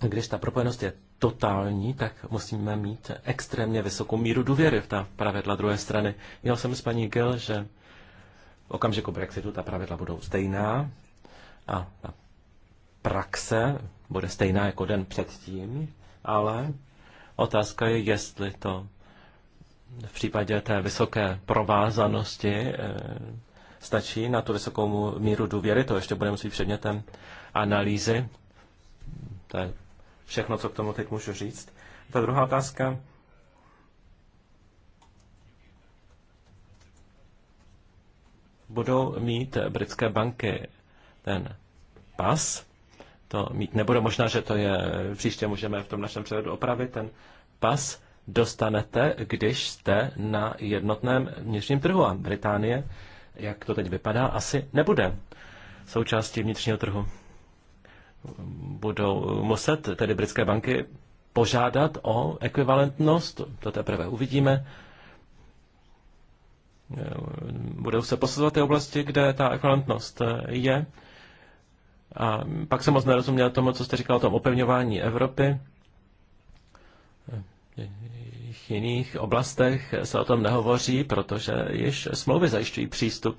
Když ta propojenost je totální, tak musíme mít extrémně vysokou míru důvěry v ta pravidla druhé strany. Měl jsem s paní Gil, že v okamžiku Brexitu ta pravidla budou stejná a ta praxe bude stejná jako den předtím, ale otázka je, jestli to v případě té vysoké provázanosti eh, stačí na tu vysokou míru důvěry, to ještě bude muset předmětem analýzy. To je všechno, co k tomu teď můžu říct. Ta druhá otázka budou mít britské banky ten pas, to mít nebude možná, že to je, příště můžeme v tom našem převodu opravit, ten pas dostanete, když jste na jednotném vnitřním trhu a Británie, jak to teď vypadá, asi nebude součástí vnitřního trhu. Budou muset tedy britské banky požádat o ekvivalentnost, to teprve uvidíme, budou se posazovat ty oblasti, kde ta ekvivalentnost eh, je. A pak jsem moc nerozuměl tomu, co jste říkal o tom opevňování Evropy. V eh, jiných oblastech se o tom nehovoří, protože již smlouvy zajišťují přístup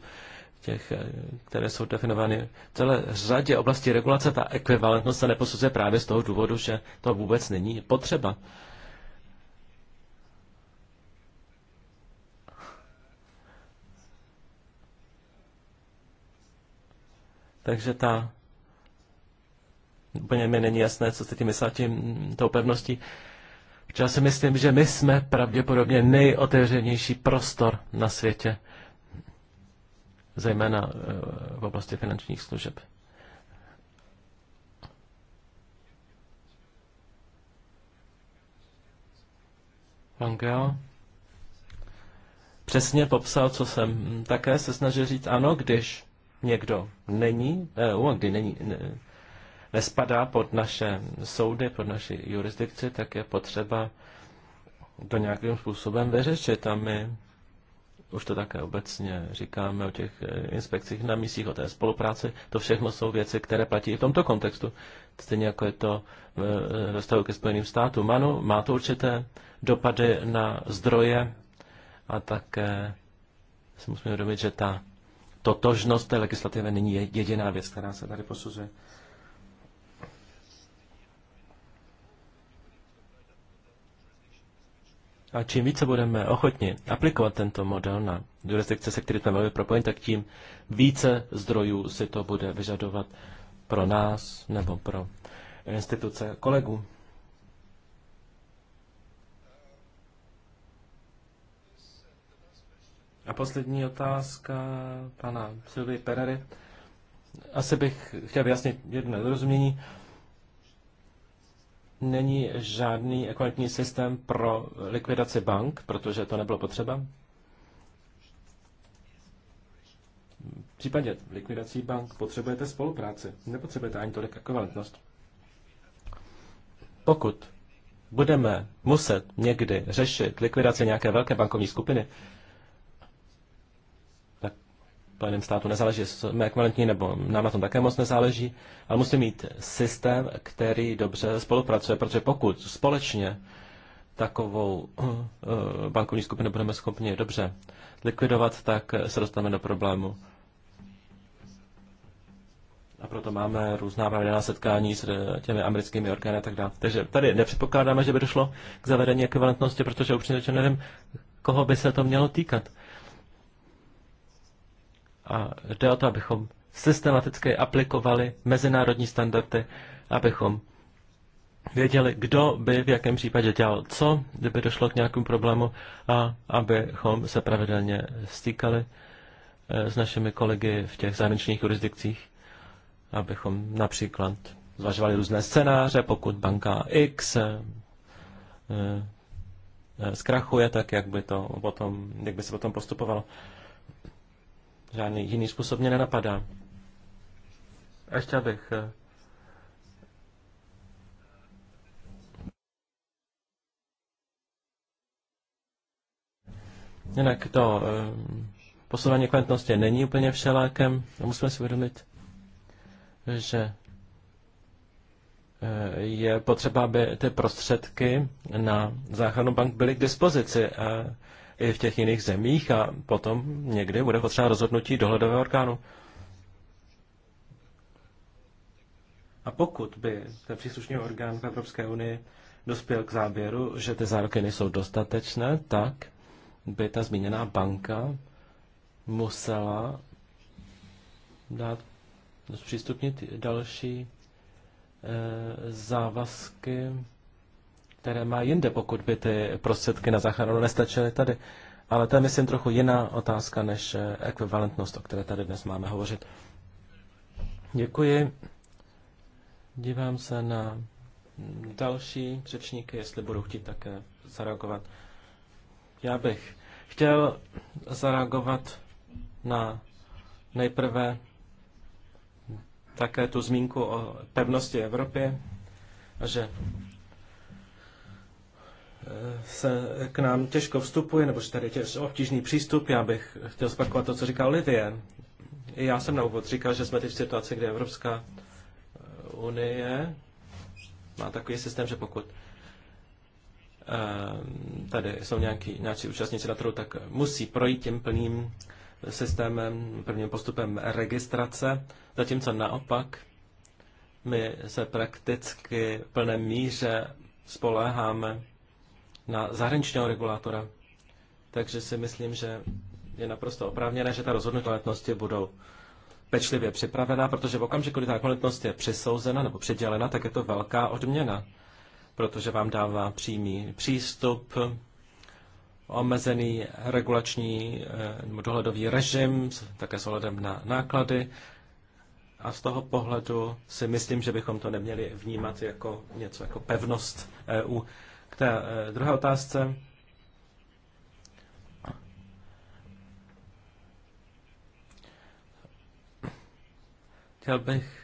těch, eh, které jsou definovány v celé řadě oblasti regulace. Ta ekvivalentnost se neposuzuje právě z toho důvodu, že to vůbec není potřeba. Takže ta úplně mi není jasné, co se tím myslel tím tou pevností. Já si myslím, že my jsme pravděpodobně nejotevřenější prostor na světě, zejména e, v oblasti finančních služeb. Langel přesně popsal, co jsem také se snažil říct. Ano, když někdo není EU eh, kdy není, ne, nespadá pod naše soudy, pod naši jurisdikci, tak je potřeba to nějakým způsobem vyřešit. A my už to také obecně říkáme o těch eh, inspekcích na místích, o té spolupráci. To všechno jsou věci, které platí i v tomto kontextu. Stejně jako je to ve eh, vztahu ke Spojeným státům. Ano, má to určité dopady na zdroje a také si musíme uvědomit, že ta totožnost té legislativy není jediná věc, která se tady posuzuje. A čím více budeme ochotni aplikovat tento model na jurisdikce, se kterými jsme mohli propojit, tak tím více zdrojů si to bude vyžadovat pro nás nebo pro instituce kolegů. A poslední otázka pana Silvy Perery. Asi bych chtěl vyjasnit jedno nedorozumění. Není žádný ekvivalentní systém pro likvidaci bank, protože to nebylo potřeba? V případě likvidací bank potřebujete spolupráci, nepotřebujete ani tolik ekvivalentnost. Pokud budeme muset někdy řešit likvidaci nějaké velké bankovní skupiny, Spojeném státu nezáleží, jsme ekvivalentní nebo nám na tom také moc nezáleží, ale musí mít systém, který dobře spolupracuje, protože pokud společně takovou eh, eh, bankovní skupinu budeme schopni dobře likvidovat, tak se dostaneme do problému. A proto máme různá pravidelná setkání s eh, těmi americkými orgány a tak dále. Takže tady nepředpokládáme, že by došlo k zavedení ekvivalentnosti, protože upřímně nevím, koho by se to mělo týkat. A jde o to, abychom systematicky aplikovali mezinárodní standardy, abychom věděli, kdo by v jakém případě dělal co, kdyby došlo k nějakému problému a abychom se pravidelně stýkali eh, s našimi kolegy v těch zahraničních jurisdikcích, abychom například zvažovali různé scénáře, pokud banka X eh, eh, zkrachuje, tak jak by, to potom, jak by se potom postupovalo. Žádný jiný způsob mě nenapadá. A ještě bych eh, Jinak to eh, posouvání kvantnosti není úplně všelákem musíme si uvědomit, že eh, je potřeba, aby ty prostředky na záchranu bank byly k dispozici. A i v těch jiných zemích a potom někdy bude potřeba rozhodnutí dohledového orgánu. A pokud by ten příslušný orgán v Evropské unii dospěl k závěru, že ty záruky nejsou dostatečné, tak by ta zmíněná banka musela dát zpřístupnit další e, závazky které má jinde, pokud by ty prostředky na záchranu nestačily tady. Ale to je, myslím, trochu jiná otázka než eh, ekvivalentnost, o které tady dnes máme hovořit. Děkuji. Dívám se na další řečníky, jestli budou chtít také zareagovat. Já bych chtěl zareagovat na nejprve také tu zmínku o pevnosti Evropy, že se k nám těžko vstupuje, nebo že tady je těž obtížný přístup. Já bych chtěl zpakovat to, co říká Olivie. I já jsem na úvod říkal, že jsme teď v situaci, kde Evropská eh, unie má takový systém, že pokud eh, tady jsou nějaký, nějací účastníci na trhu, tak musí projít tím plným systémem, prvním postupem registrace, zatímco naopak my se prakticky v plné míře spoléháme na zahraničního regulátora. Takže si myslím, že je naprosto oprávněné, že ta rozhodnutí letnosti budou pečlivě připravená, protože v okamžiku, kdy ta kvalitnost je přisouzena nebo předělena, tak je to velká odměna, protože vám dává přímý přístup, omezený regulační eh, nebo dohledový režim, také s ohledem na náklady. A z toho pohledu si myslím, že bychom to neměli vnímat jako něco jako pevnost EU té eh, druhé otázce. Chtěl bych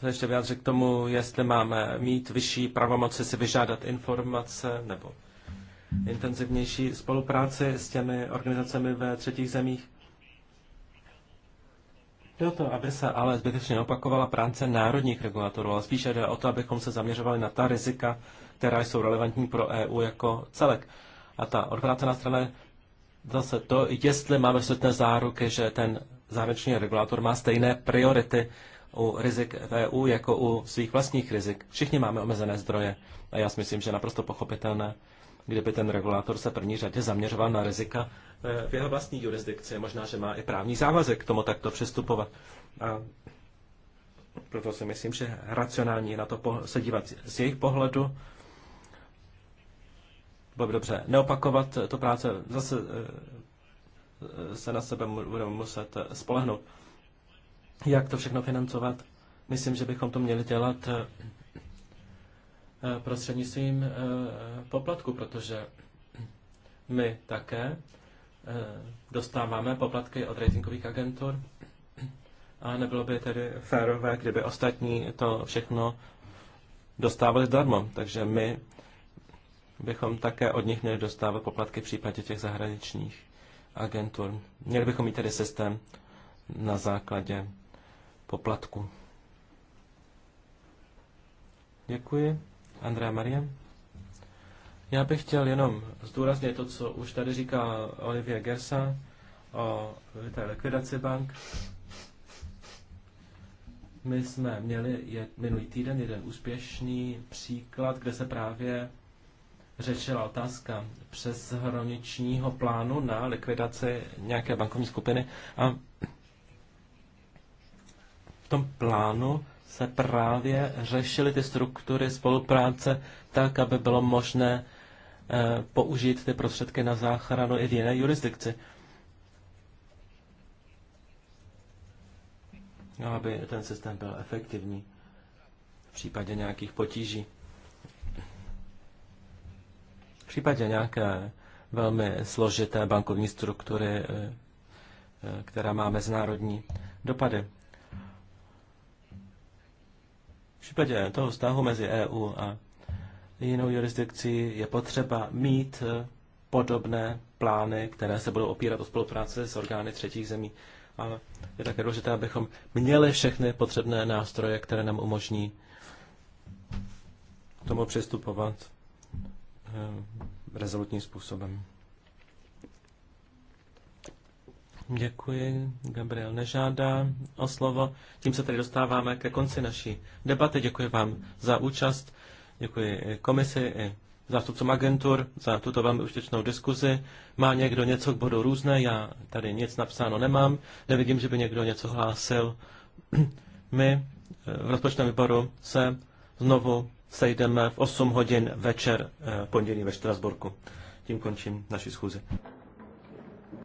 se ještě vyjádřit k tomu, jestli máme mít vyšší pravomoci si vyžádat informace nebo intenzivnější spolupráci s těmi organizacemi ve třetích zemích. Jde o to, aby se ale zbytečně opakovala práce národních regulatorů, ale spíše jde o to, abychom se zaměřovali na ta rizika, která jsou relevantní pro EU jako celek. A ta odvrácená strana je zase to, jestli máme světné záruky, že ten zahraniční regulator má stejné priority u rizik v EU jako u svých vlastních rizik. Všichni máme omezené zdroje a já si myslím, že je naprosto pochopitelné, kdyby ten regulátor se první řadě zaměřoval na rizika eh, v jeho vlastní jurisdikci. Možná, že má i právní závazek k tomu takto přistupovat. A proto si myslím, že racionální je na to se dívat z jejich pohledu. Bylo by dobře neopakovat to práce, zase eh, se na sebe budeme muset eh, spolehnout. Jak to všechno financovat? Myslím, že bychom to měli dělat Eh, prostřednictvím eh, poplatku, protože my také eh, dostáváme poplatky od ratingových agentur a nebylo by tedy férové, kdyby ostatní to všechno dostávali zdarma. Takže my bychom také od nich měli dostávat poplatky v případě těch zahraničních agentur. Měli bychom mít tedy systém na základě poplatku. Děkuji. Andrea Maria. Já bych chtěl jenom zdůraznit to, co už tady říká Olivia Gersa o té likvidaci bank. My jsme měli je, minulý týden jeden úspěšný příklad, kde se právě řešila otázka přes hraničního plánu na likvidaci nějaké bankovní skupiny a v tom plánu se právě řešily ty struktury spolupráce tak, aby bylo možné eh, použít ty prostředky na záchranu i v jiné jurisdikci. No, aby ten systém byl efektivní v případě nějakých potíží. V případě nějaké velmi složité bankovní struktury, eh, eh, která má mezinárodní dopady. případě toho vztahu mezi EU a jinou jurisdikcí je potřeba mít eh, podobné plány, které se budou opírat o spolupráci s orgány třetích zemí. Ale je také důležité, abychom měli všechny potřebné nástroje, které nám umožní k tomu přistupovat eh, rezolutním způsobem. Děkuji. Gabriel nežádá o slovo. Tím se tedy dostáváme ke konci naší debaty. Děkuji vám za účast. Děkuji komisi i zástupcům agentur za tuto velmi užitečnou diskuzi. Má někdo něco k bodu různé? Já tady nic napsáno nemám. Nevidím, že by někdo něco hlásil. [clears throat] My eh, v rozpočtovém výboru se znovu sejdeme v 8 hodin večer eh, pondělí ve Štrasburku. Tím končím naši schůzi.